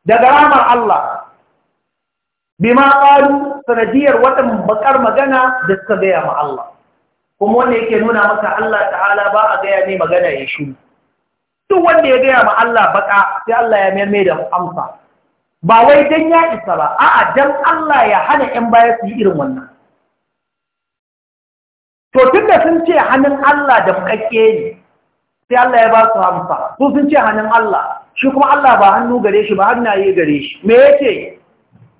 daga ramar Allah bi ma kalu sanadiyar waɗan bakar magana da suka gaya ma Allah kuma wanda yake nuna maka Allah ta'ala ba a gaya ne magana ya shiru duk wanda ya gaya ma Allah baka sai Allah ya mayar mai da amsa ba wai dan ya isa ba a'a dan Allah ya hana 'yan baya su yi irin wannan to tunda sun ce hannun Allah da fakakke ne sai Allah ya ba su amsa su sun ce hannun Allah shi kuma Allah ba hannu gare shi ba hannaye gare shi me yake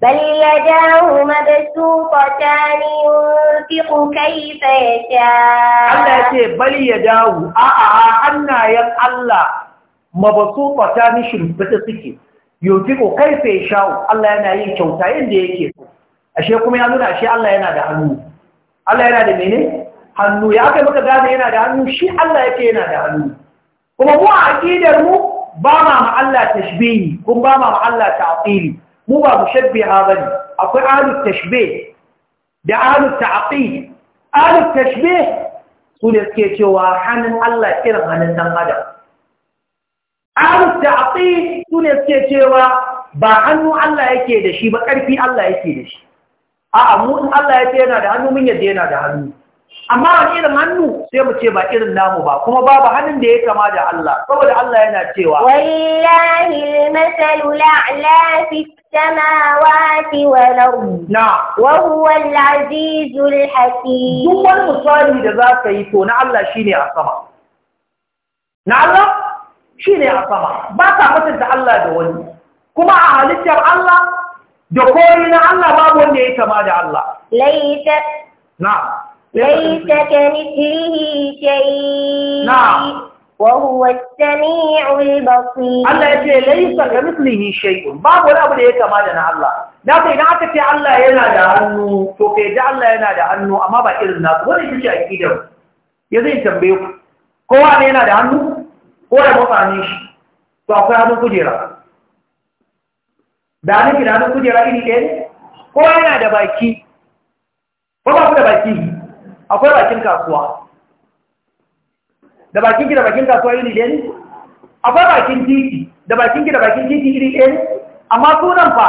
بل يداه مبسوطتان ينفق كيف يشاء الله يتي بل يداه آآ أنا يد الله مبسوطتان شربت سكي ينفق كيف يشاء الله ينا يكوتا يندي يكي ashe kuma ya nuna ashe Allah yana da hannu Allah yana da mene hannu ya aka maka gane yana da hannu shi Allah yake yana da hannu kuma mu a aƙidar mu ba ma ma Allah tashbihi kun ba ma ma Allah ta'tili mu ba mu shabbiha ba akwai alu tashbe da alu ta'aqi alu tashbe su ne cewa hannun Allah irin hannun dan adam alu ta'aqi su ne cewa ba hannu Allah yake da shi ba ƙarfi Allah yake da shi a'a mu in Allah ya ce yana da hannu mun yadda yana da hannu amma wani irin hannu sai mu ce ba irin namu ba kuma babu hannun da ya kama da Allah saboda Allah yana cewa wallahi al-masalu la'la fi samawati wal ard na wa huwa al-aziz hakim duk wani misali da za ka yi to na Allah shine a sama na Allah shine a sama ba ka mutunta Allah da wani kuma a halittar Allah da koyi na Allah babu wanda ya kama da Allah laita na ليس كمثله شيء نعم وهو السميع البصير الله يجي ليس كمثله شيء باب ولا أبدا يكما لنا الله نعم إذا أتت الله ينادى أنه فكيد الله ينادى أنه أما بأي الناس ولا يجي أكيده يزي تنبيك kowa ne yana da hannu ko da mutane shi to akwai hannun kujera da hannun da hannun kujera iri ɗaya ne kowa yana akwai bakin kasuwa da bakin gida bakin kasuwa iri ɗaya ne akwai bakin titi da bakin gida bakin titi iri ɗaya ne amma sunan fa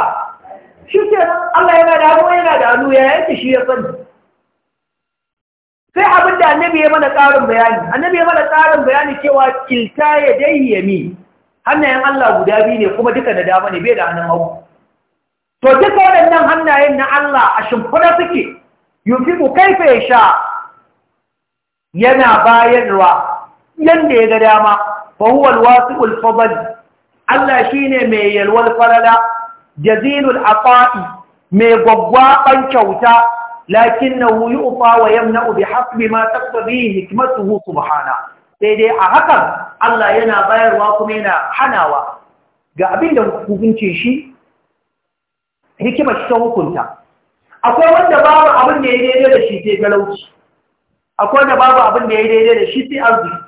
shi ke Allah yana da hannu yana da hannu ya yanki shi ya sani sai abin da annabi ya mana ƙarin bayani annabi ya mana ƙarin bayani cewa kilta ya dai yami hannayen Allah guda biyu ne kuma duka da dama ne bai da hannun hagu to duka waɗannan hannayen na Allah a shimfiɗa suke yusibu kaifa sha yana bayarwa yanda ya ga dama fa huwa alwasi'ul fadl Allah shine mai yalwal falala jazilul ata'i mai gwaggwaban kyauta lakinnahu yu'ta wa ubi bihaqqi ma taqtadi hikmatuhu subhana sai dai a hakan Allah yana bayarwa kuma yana hanawa ga abin da hukuncin shi hikimar ta hukunta akwai wanda babu abin da ya daidai da shi sai galauci akwai wanda babu abin da ya daidai da shi sai arziki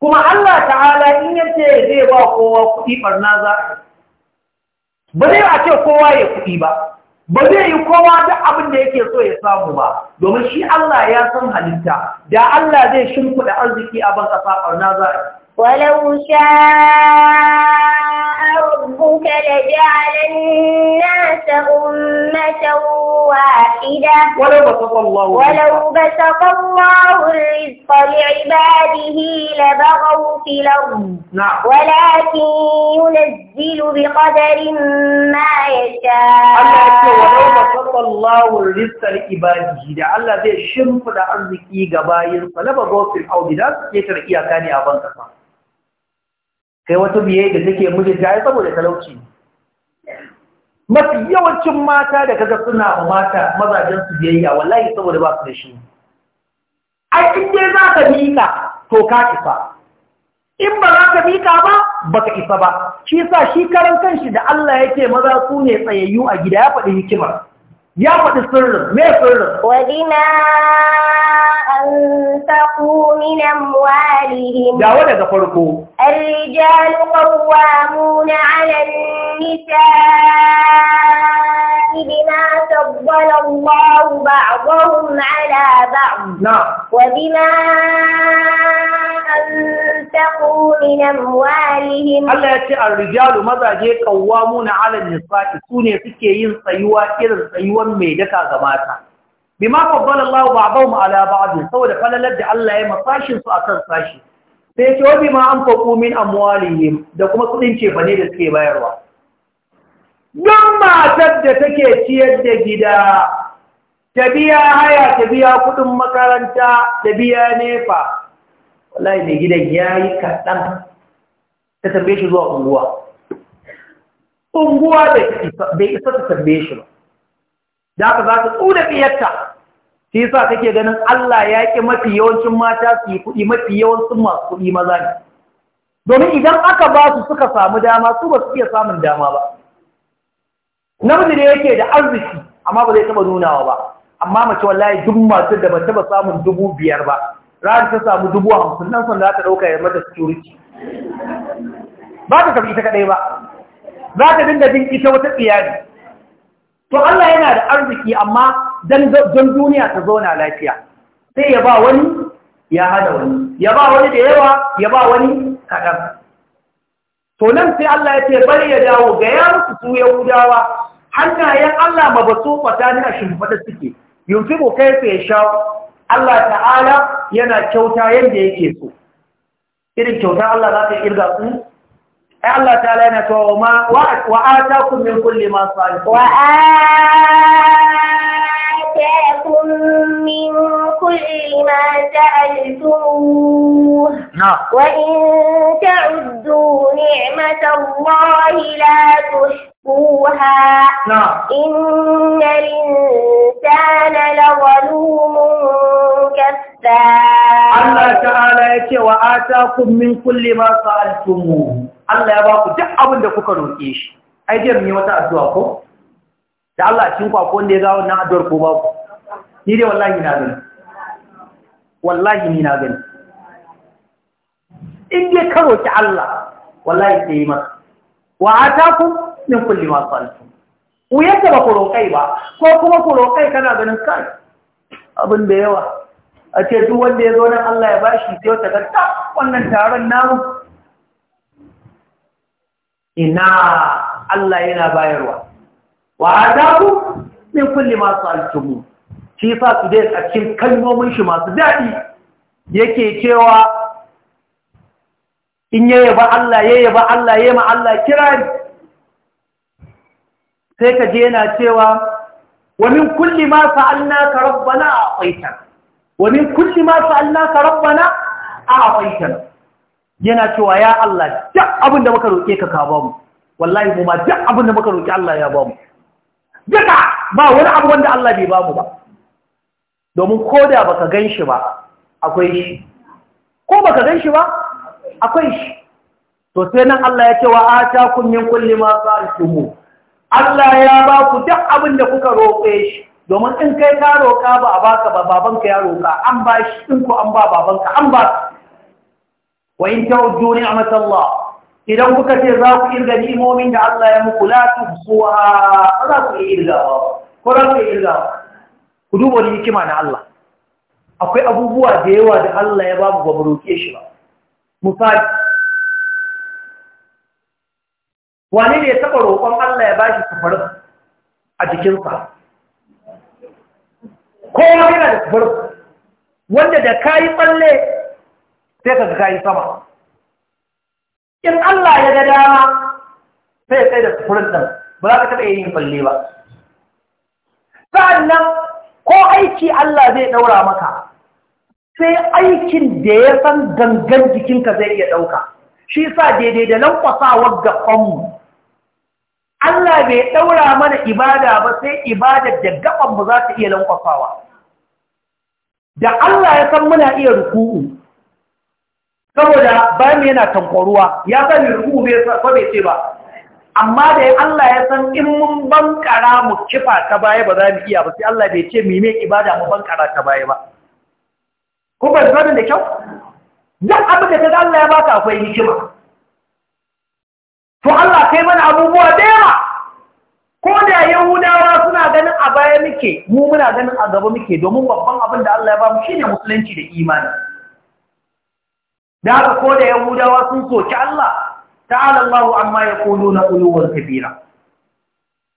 kuma Allah ta'ala in ya zai ba kowa kuɗi barna za a ba zai a ce kowa ya kuɗi ba ba zai yi kowa da abin da yake so ya samu ba domin shi Allah ya san halitta da Allah zai shimfiɗa arziki a ban ƙasa barna za a ولو ربك لجعل الناس أمة واحدة ولو بسط الله ولو بسط الله الرزق لعباده لبغوا في الأرض نعم ولكن ينزل بقدر ما يشاء ولو بسط الله الرزق لعباده لعل ذي الشمس الأرض قبائل فلبغوا في الأرض لا تترك إياكاني أبنك kai wata biye da take mijinta ai saboda talauci mafi yawancin mata da kaga suna wa mata mazajen su biyayya wallahi saboda ba su da shi ai in za ka mika to ka isa in ba za ka mika ba ba ka isa ba shi yasa shi karan kanshi da Allah yake maza su ne tsayayyu a gida ya faɗi hikimar ya faɗi sirrin me sirrin wa أنفقوا من أموالهم دعونا تفرقوا الرجال قوامون على النساء بما فضل الله بعضهم على بعض نعم وبما أنفقوا من أموالهم الله يأتي الرجال ماذا جاء قوامون على النساء سوني سكي ينصيوا إذا سيوا ميدكا زماتا bima faddala Allah ba'dahum ala ba'd saboda falalar da Allah ya masashin su akan sashi sai ce wabi ma an faƙo min amwalihim da kuma kudin cefa ne da suke bayarwa don matar da take ciyar da gida ta biya haya ta biya kudin makaranta ta biya nefa wallahi ne gidan ya yi kaɗan ta tambaye shi zuwa unguwa unguwa bai isa ta tambaye shi ba da aka za ta tsuda ƙiyarta shi yasa kake ganin Allah ya ki mafi yawancin mata su yi kuɗi mafi yawancin masu kuɗi maza ne domin idan aka ba su suka samu dama su ba su iya samun dama ba namiji ne yake da arziki amma ba zai taɓa nunawa ba amma mace wallahi duk masu da ba taɓa samun dubu biyar ba Rana ta samu dubu hamsin nan sanda ta ɗauka ya mata security ba ta tafi ita kaɗai ba za ta dinga jin ita wata tsiyari to Allah yana da arziki amma don duniya ta zauna lafiya sai ya ba wani ya hada wani ya ba wani da yawa ya ba wani kaɗan to nan sai Allah ya ce bari ya dawo ga ya musu su yahudawa hannayen Allah ma ba su fata ni a shimfiɗa suke yunfibu kai sai sha Allah ta'ala yana kyauta yadda yake so irin kyauta Allah za ta irga su ai Allah ta'ala yana cewa wa wa atakum min kulli ma salih wa من كل ما سألتموه وإن تعدوا نعمة الله لا تحصوها إن الإنسان لظلوم كفار الله تعالى يتي وآتاكم من كل ما سألتموه الله يبارك duk abin da kuka roƙe shi ai jiya mun yi wata addu'a ko da Allah cin ku akwai wanda ya ga wannan addu'ar ko ba ku ni dai wallahi na gani wallahi ni na gani in dai karo ki Allah wallahi sai maka wa ataku min kulli ma salatu ku yadda ba ku roƙai ba ko kuma ku roƙai kana ganin kai abin da yawa a ce duk wanda ya zo nan Allah ya bashi sai wata ga ta wannan taron namu ina Allah yana bayarwa wa ataku min kulli ma salatu shi sa su dai a cikin kalmomin shi masu daɗi yake cewa in ya yaba Allah ya yaba Allah ya ma Allah kirari sai ka je yana cewa wani kulli ma fa'alnaka rabbana a'taytana wa Wani kulli ma fa'alnaka rabbana a'taytana yana cewa ya Allah duk abin da muka roƙe ka ka ba mu wallahi mu ma duk abin da muka roƙe Allah ya ba mu duka ba wani abu wanda Allah bai ba mu ba domin ko da baka gan shi ba akwai shi ko baka gan shi ba akwai shi to sai nan Allah ya ce wa ata kunyin min kulli ma sa'altumu Allah ya ba ku duk abin da kuka roƙe shi domin in kai ka roƙa ba a baka ba babanka ya roƙa an ba shi in ko an ba babanka an ba wa in ta'uddu ni'matallah idan kuka ce za ku irga ni'imomin da Allah ya muku la tuhsuha za ku irga ba ko za ku irga ba ku duba wani hikima na Allah akwai abubuwa da yawa da Allah ya babu ba mu roƙe shi ba misali Wani ne ya taɓa roƙon Allah ya bashi safarin a jikinsa kowa yana da safarin wanda da yi ɓalle sai ka yi sama in Allah ya ga dama sai ya tsaye da safarin ɗin ba za ka taɓa yin tsalle ba sa'an nan ko aiki Allah zai ɗaura maka sai aikin da ya san gangan jikinka zai iya ɗauka shi sa daidai da lankwasawar gabanmu Allah bai ɗaura mana ibada ba sai ibada da gabanmu za ta iya lankwasawa da Allah ya san muna iya ruku'u saboda bayan yana tankwaruwa ya sani ruku'u bai ce ba amma da Allah ya san in mun bankara mu kifa ta baya ba za mu iya ba sai Allah bai ce mime ibada mu bankara ta baya ba ku ba sanin da kyau Zan abin da ta Allah ya baka akwai hikima to Allah kai mana abubuwa da yawa ko da yahudawa suna ganin a baya muke mu muna ganin a gaba muke domin babban abin da Allah ya ba mu shine musulunci da imani da haka ko da yahudawa sun soki Allah ta'ala Allahu amma yaquluna uluwan kabira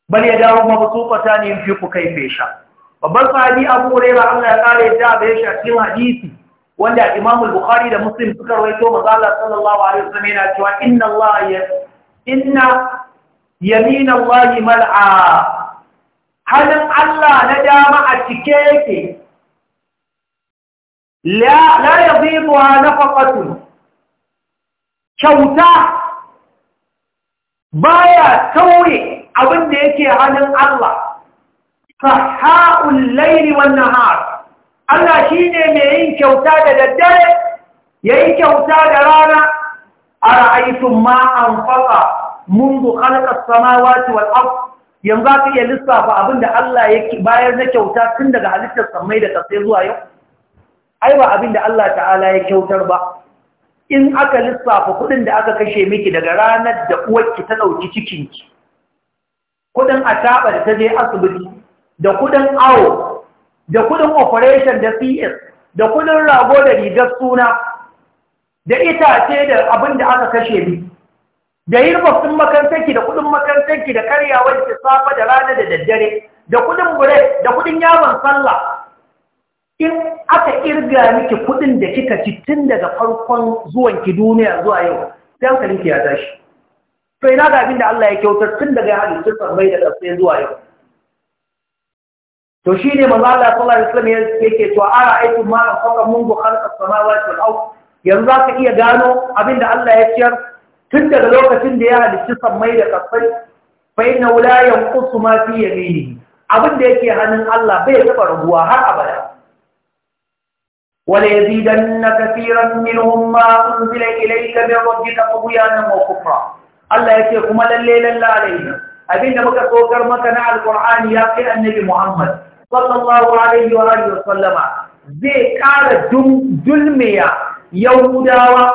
bal ya dawo mabsuqata ne fi ku kaife sha babban sahabi Abu Hurairah Allah ya kare da bai shi hadisi wanda Imam Bukhari da Muslim suka rawaito manzo Allah sallallahu alaihi wasallam yana cewa inna Allah ya inna yamin Allah mal'a halin Allah na dama a cike yake la la yadhibuha nafaqatun kyauta baya tauye abin da yake hanun Allah saha'ul laili wannan nahar Allah shine mai yin kyauta da daddare yayi kyauta da rana ara'aytum ma mungu منذ خلق السماوات والأرض yanzu aka iya lissafa abin da Allah ya bayar na kyauta tun daga halittar samai da kasai zuwa yau ai ba abin da Allah ta'ala ya kyautar ba in aka lissafa kuɗin da aka kashe miki daga ranar da uwarki ta ɗauki ki, kuɗin a da ta je asibiti da kuɗin awo da kuɗin operation da cs da kuɗin rago da rigar suna da itace da abin da aka kashe miki da yirbasin makarantarki da kuɗin makarantarki da karyawar ki safa da rana da daddare da kuɗin bure da kuɗin yawon sallah in aka kirga miki kuɗin da kika ci tun daga farkon zuwan ki duniya zuwa yau sai hankalin ki ya tashi to ina ga abin da Allah ya kyautar tun daga halittar sammai da ƙasa zuwa yau to shi ne manzo Allah sallallahu alaihi wasallam yake to ara aitu ma faqa mungu khalaqa samawati wal ard yanzu zaka iya gano abin da Allah ya ciyar tun daga lokacin da ya halicci samai da kasai fa inna la yanqusu ma fi yaminihi abin da yake hannun Allah bai taba rabuwa har abada وليزيدن كثيرا منهم ما أنزل إليك من ربك طغيانا وكفرا الله يتي كما لله لا علينا أبين مكا سوكر مكا نع القرآن يا كي النبي محمد صلى الله عليه وآله وسلم زي قال دلميا يهوداوا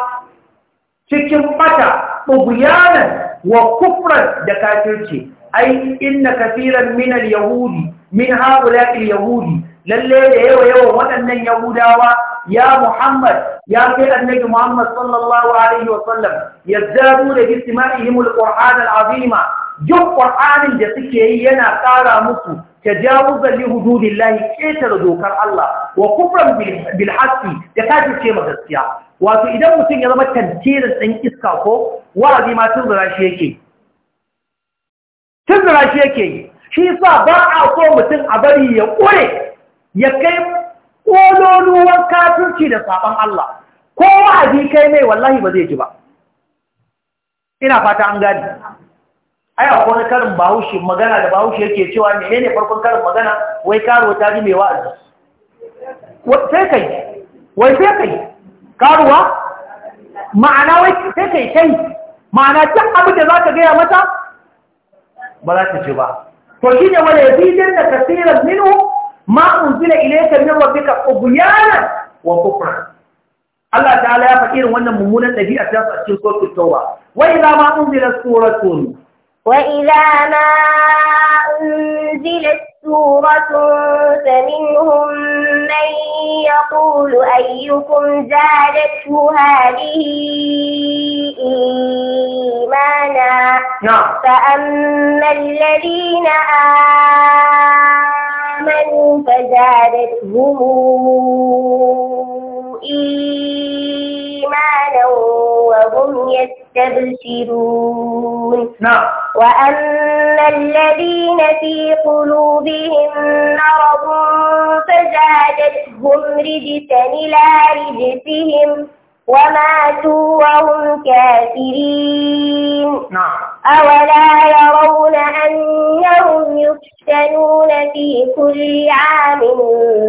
cikin mata tughyanan wa kufran da kafirci ai inna kaseeran min al-yahudi min haula al-yahudi lalle da yawa yawan waɗannan yahudawa ya muhammad ya kai annabi muhammad sallallahu alaihi wasallam yazzaru da istima'ihim alquran alazima duk qur'anin da suke yi yana ƙara musu tajawuzan li hududillahi ƙetare dokar Allah wa kufran bil da kafir ce ma gaskiya wato idan mutum ya zama tantirin ɗin iska ko wa'azi ma tun zira shi yake tun zira shi yake shi sa ba a so mutum a bari ya ƙure ya kai ƙololuwar kafirci da saɓon Allah ko wa'azi kai mai wallahi ba zai ji ba ina fata an gani ai a wani karin bahushi magana da bahushi yake cewa ne ne farkon karin magana wai karo ta ji mai wa'azi sai kai wai sai kai karuwa ma'ana wai sai kai kai ma'ana can abin da za ka gaya mata ba za ta ce ba to shi ne wani ya fi da kasirar minu ما أنزل إليك من ربك أبيانا وكفرا الله تعالى يا فقير وانا ممونة هي أساس أشير صوت التوبة وإذا ما أنزل سورة وإذا ما أنزل سورة فمنهم من يقول أيكم زادته هذه إيمانا نعم فأما الذين آمنوا آمنوا فزادتهم إيمانا وهم يستبشرون نعم وأما الذين في قلوبهم مرض فزادتهم رجسا إلى رجسهم وماتوا وهم كافرين نعم أولا يرون أنهم يفتنون في كل عام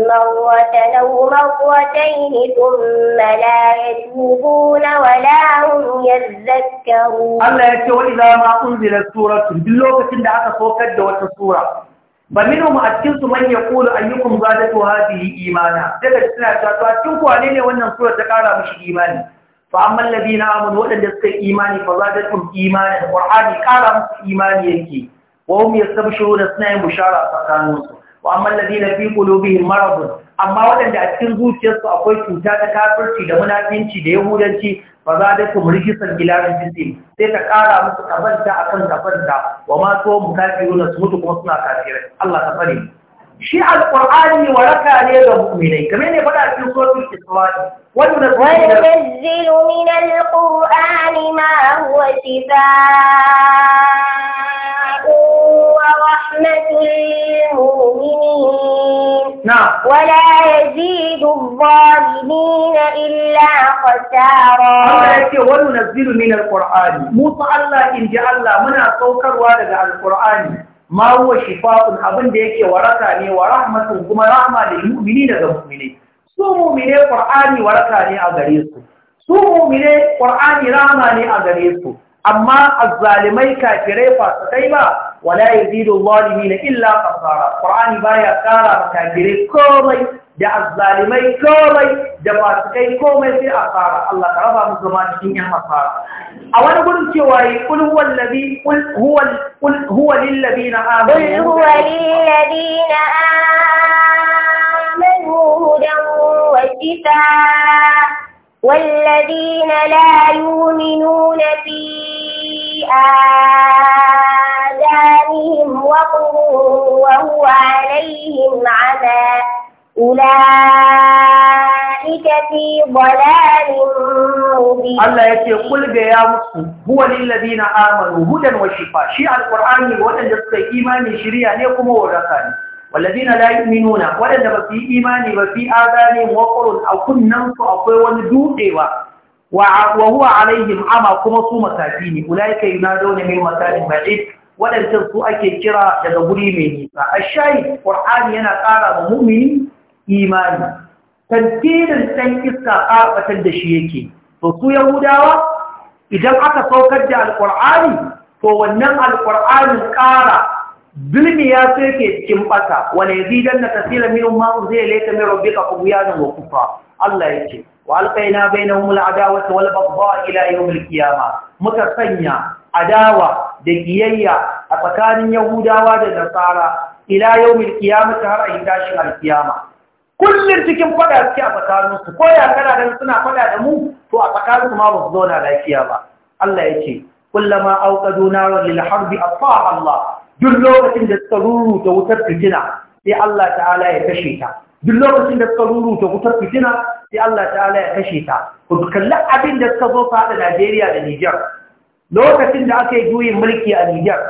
مرة أو مرتين ثم لا يتوبون ولا هم يذكرون الله يقول إذا ما أنزلت سورة باللغة عند عكا سوكت دوت السورة Baminu minu ma'akin su man ya kula ayyukun za ta tuwa yi imana daga suna ta tuwa cin kwane ne wannan surar ta kara mashi imani fa na amun waɗanda suka yi imani fa za ta tun imanin ƙwarhani kara musu imani yake. wa hum ya suna yin bushara a tsakaninsu wa amman labi na fi kulubihin marabun amma waɗanda a cikin zuciyarsu akwai cuta ta kafirci da munafinci da yahudanci Ba za da kuma rikisan gilarin jisi sai ka kara musu kazanta a kan kazanta wa ma to mu kafiruna su mutu kuma suna kafirai Allah ta tsare shi alqur'ani raka ne ga mu'minai kamar ne faɗa cikin suratul isra'i wannan da wani min alqur'ani ma huwa shifaa نعم ولا يزيد الظالمين إلا خسارا الله يكي وننزل من القرآن موسى الله إن جاء الله منا سوكر وارد على القرآن ما هو شفاء أبن ديكي ورثاني ورحمة كما رحمة للمؤمنين المؤمنين su mummine ƙwar'ani waraka ne a gare su su mummine ƙwar'ani rama ne a gare su amma azzalimai kafirai fasu kai ba ولا يزيد الظالمين إلا قصارا قرآن بايا كارا بكاجر كوري دع الظالمي كوري دع فاسقين كومي في أقارا الله تعالى مزمان في نعم أقارا أولا قلت شوائي قل هو الذي قل هو قل هو للذين آمنوا قل هو للذين آمنوا هدى وشفاء والذين لا يؤمنون في آمنوا آذانهم وقر وهو عليهم عمى أولئك في ضلال مبين الله يكي قل يا مسلم هو للذين آمنوا هدى وشفاء شيء القرآن وأن يستيقظ إيمان شريعا يقوم ورقاني والذين لا يؤمنون ولد في إيمان وفي آذان وقر أو كن كنن أقوى وندوء وهو عليهم عمى كما صوم مساكين أولئك ينادون من مكان بعيد waɗancan su ake kira daga guri mai nisa a shayi ƙwar'ani yana ƙara wa mumini imani tantirin ɗan iska ƙarfatar da shi yake to su yahudawa idan aka saukar da alƙwar'ani to wannan alƙwar'anin ƙara ya su yake cikin ɓata wane zidan na tasirin minun ma'u zai laita mai rabbi ka kubu kufa Allah ya ce wa alƙaina bai na humula adawa ta wal babba ila yau mulkiyama muka sanya adawa da kiyayya a tsakanin yahudawa da nasara ila yau mil kiyamata har a yi tashin alkiyama kullum cikin faɗa suke a tsakaninsu ko ya kana dan suna faɗa da mu to a tsakaninsu ma ba su zauna lafiya ba Allah ya ce kullama auqadu naran lil harbi afaha Allah duk lokacin da suka ruru ta wutar fitina sai Allah ta'ala ya kashe ta duk lokacin da suka ruru ta wutar fitina sai Allah ta'ala ya kashe ta ku kalli abin da suka zo faɗa Najeriya da Niger lokacin da aka yi juyin mulki a Niger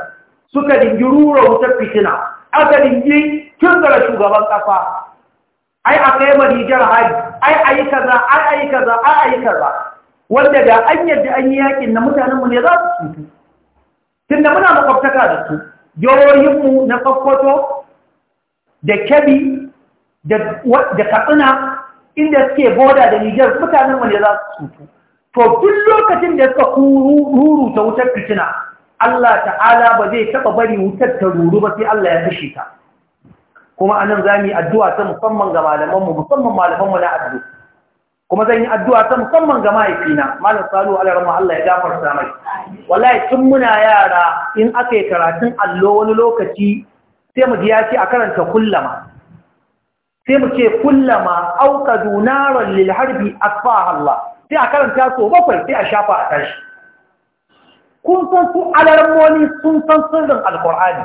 suka dingi rura wutar fitina aka dingi tunzara shugaban kafa ai aka yi ma Niger hari ai ayi kaza ai ayi kaza ai ayi kaza wanda da an yadda an yi yakin na mutanenmu ne za su cutu tunda muna makwabtaka da su jihohinmu na Sokoto da Kebbi da katsina inda suke boda da nijar mutanen ne za su cutu to duk lokacin da suka ruru ta wutar fitina Allah ta'ala ba zai taba bari wutar ta ruru ba sai Allah ya kashe ta kuma anan za mu yi addu'a ta musamman ga malamanmu musamman malamanmu na addu'a kuma zan yi addu'a ta musamman ga mahaifina malam salu alarma Allah ya gafarta mai wallahi tun muna yara in aka yi karatun allo wani lokaci sai mu ji ya ce a karanta kullama sai mu ce kullama auqadu naran lil harbi asfaha Allah sai a karanta so bakwai sai a shafa a tashi kun san su alarmoni sun san sirrin alqur'ani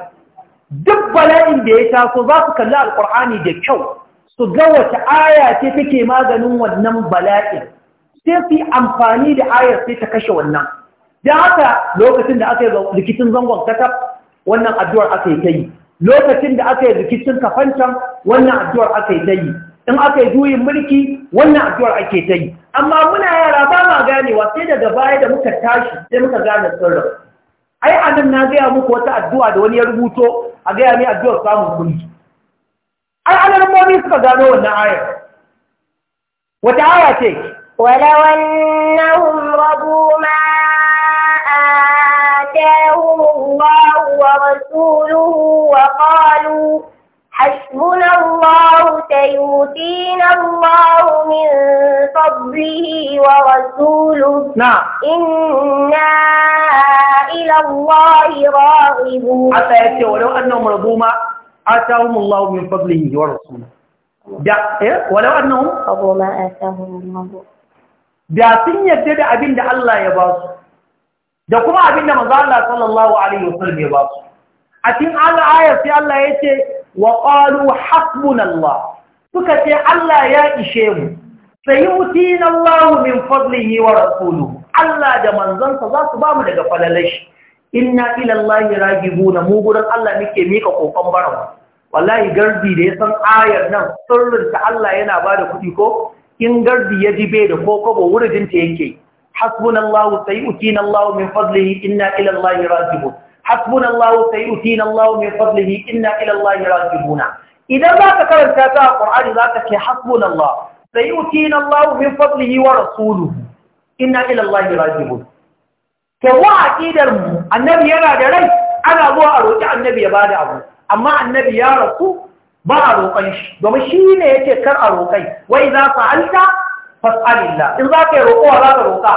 duk bala'in da ya taso za su kalli alqur'ani da kyau su ga wace aya ce take maganin wannan bala'in sai su yi amfani da ayar sai ta kashe wannan da haka lokacin da aka yi rikicin zangon katab wannan addu'ar aka yi ta yi lokacin da aka yi rikicin kafancan wannan addu'ar aka yi ta yi in aka yi juyin mulki wannan addu'ar ake ta yi amma muna yara ba ma ganewa sai daga baya da muka tashi sai muka gane sirrin ai a nan na gaya muku wata addu'a da wani ya rubuto a gaya mai addu'ar samun mulki ai alarmomi suka gano wannan ayar wata aya ce wala wannan رضوا ورسوله وقالوا حسبنا الله سيؤتينا الله من فضله ورسوله نعم إنا إلى الله راغبون حتى يأتي ولو أنهم رضوا ما آتاهم الله من فضله ورسوله جاء إيه؟ ولو أنهم رضوا ما آتاهم الله جاء سنة جدا أبين الله يا Allah da kuma abin da manzo sallallahu alaihi wasallam ya ba su a cikin ayar sai Allah ya ce wa qalu hasbunallah suka ce Allah ya ishe mu na Allah min fadlihi wa rasuluhu Allah da manzansa za su ba mu daga falalashi inna ila Allah ragibuna mu gurin Allah muke mika kokon barawa wallahi gardi da ya san ayar nan sirrin ta Allah yana ba da kuɗi ko in gardi ya ji bai da ko kobo wurjin yake yi حسبنا الله سيؤتينا الله من فضله إنا إلى الله راجعون حسبنا الله سيؤتينا الله من فضله إنا إلى الله راجعون إذا ما تكرر كتاب القرآن ذاك حسبنا الله سيؤتينا الله من فضله ورسوله إنا إلى الله راجعون فهو عقيد النبي يرى دري أنا أبو أروجع النبي يبادع أبو أما النبي يا رسول ba a roƙon shi domin shi ne yake kar a roƙai wai za su halta fas'alillah in za ka yi roƙo za ka roƙa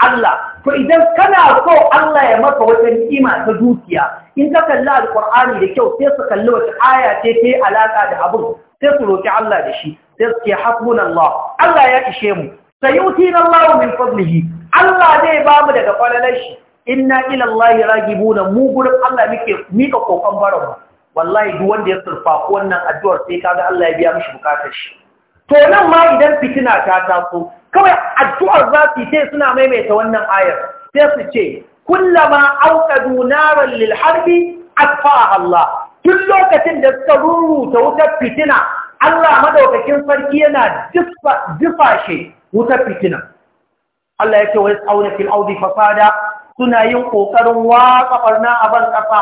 Allah to idan kana so Allah ya maka wata ni'ima ta dukiya in ka kalli Al-Ƙur'ani da kyau sai su kalli wata aya ce ta alaka da abin sai su roƙi Allah da shi sai su ce hasbunallah Allah ya ishe mu na Allah min fadlihi Allah zai ba mu daga falalar shi inna ila Allah buna mu gurin Allah muke mika kokon barin wallahi duk wanda ya surfa wannan addu'ar sai kaga Allah ya biya mishi bukatar shi to nan ma idan fitina ta taso kawai addu'ar za su ce suna maimaita wannan ayar sai su ce kullama auqadu naran lil harbi atfa'aha Allah tun lokacin da suka rurruta wutar fitina Allah madaukakin sarki yana difashe wutar fitina Allah ya ce wa yas'auna fil ardi fasada suna yin kokarin waƙa barna a ban ƙasa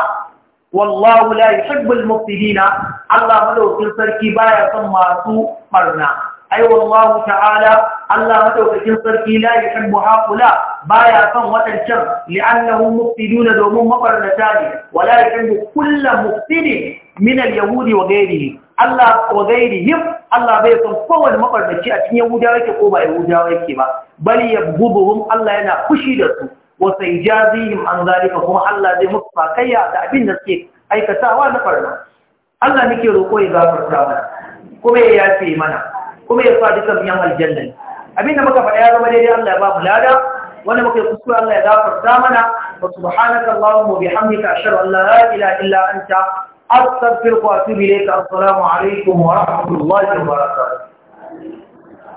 wallahu la yuhibbul muftidina! Allah madaukakin sarki baya son masu barna ai wallahu ta'ala Allah madaukakin sarki la yuhibbu haqula baya son wadancan li'annahum muftiduna domin mabarnata ne wala yuhibbu kullu mufsidin min al-yahudi wa ghayrihi Allah wa ghairihim Allah bai san kowane mabarnaci a cikin yahudawa yake ko ba yahudawa yake ba bal yabghuduhum Allah yana fushi da su Wasai, sayjazihim an zalika kuma Allah zai musu fakayya da abin da suke aikatawa na farna Allah nake roƙo ya gafarta mana kuma ya yafe mana kuma ya sa duka biyan aljanna abin da muka faɗa ya zama daidai Allah ya ba mu lada wanda muka yi kuskure Allah ya gafarta mana wa subhanaka allahumma bihamdika ashhadu an la ilaha illa anta astaghfiruka wa atubu ilayka assalamu alaikum wa rahmatullahi wa barakatuh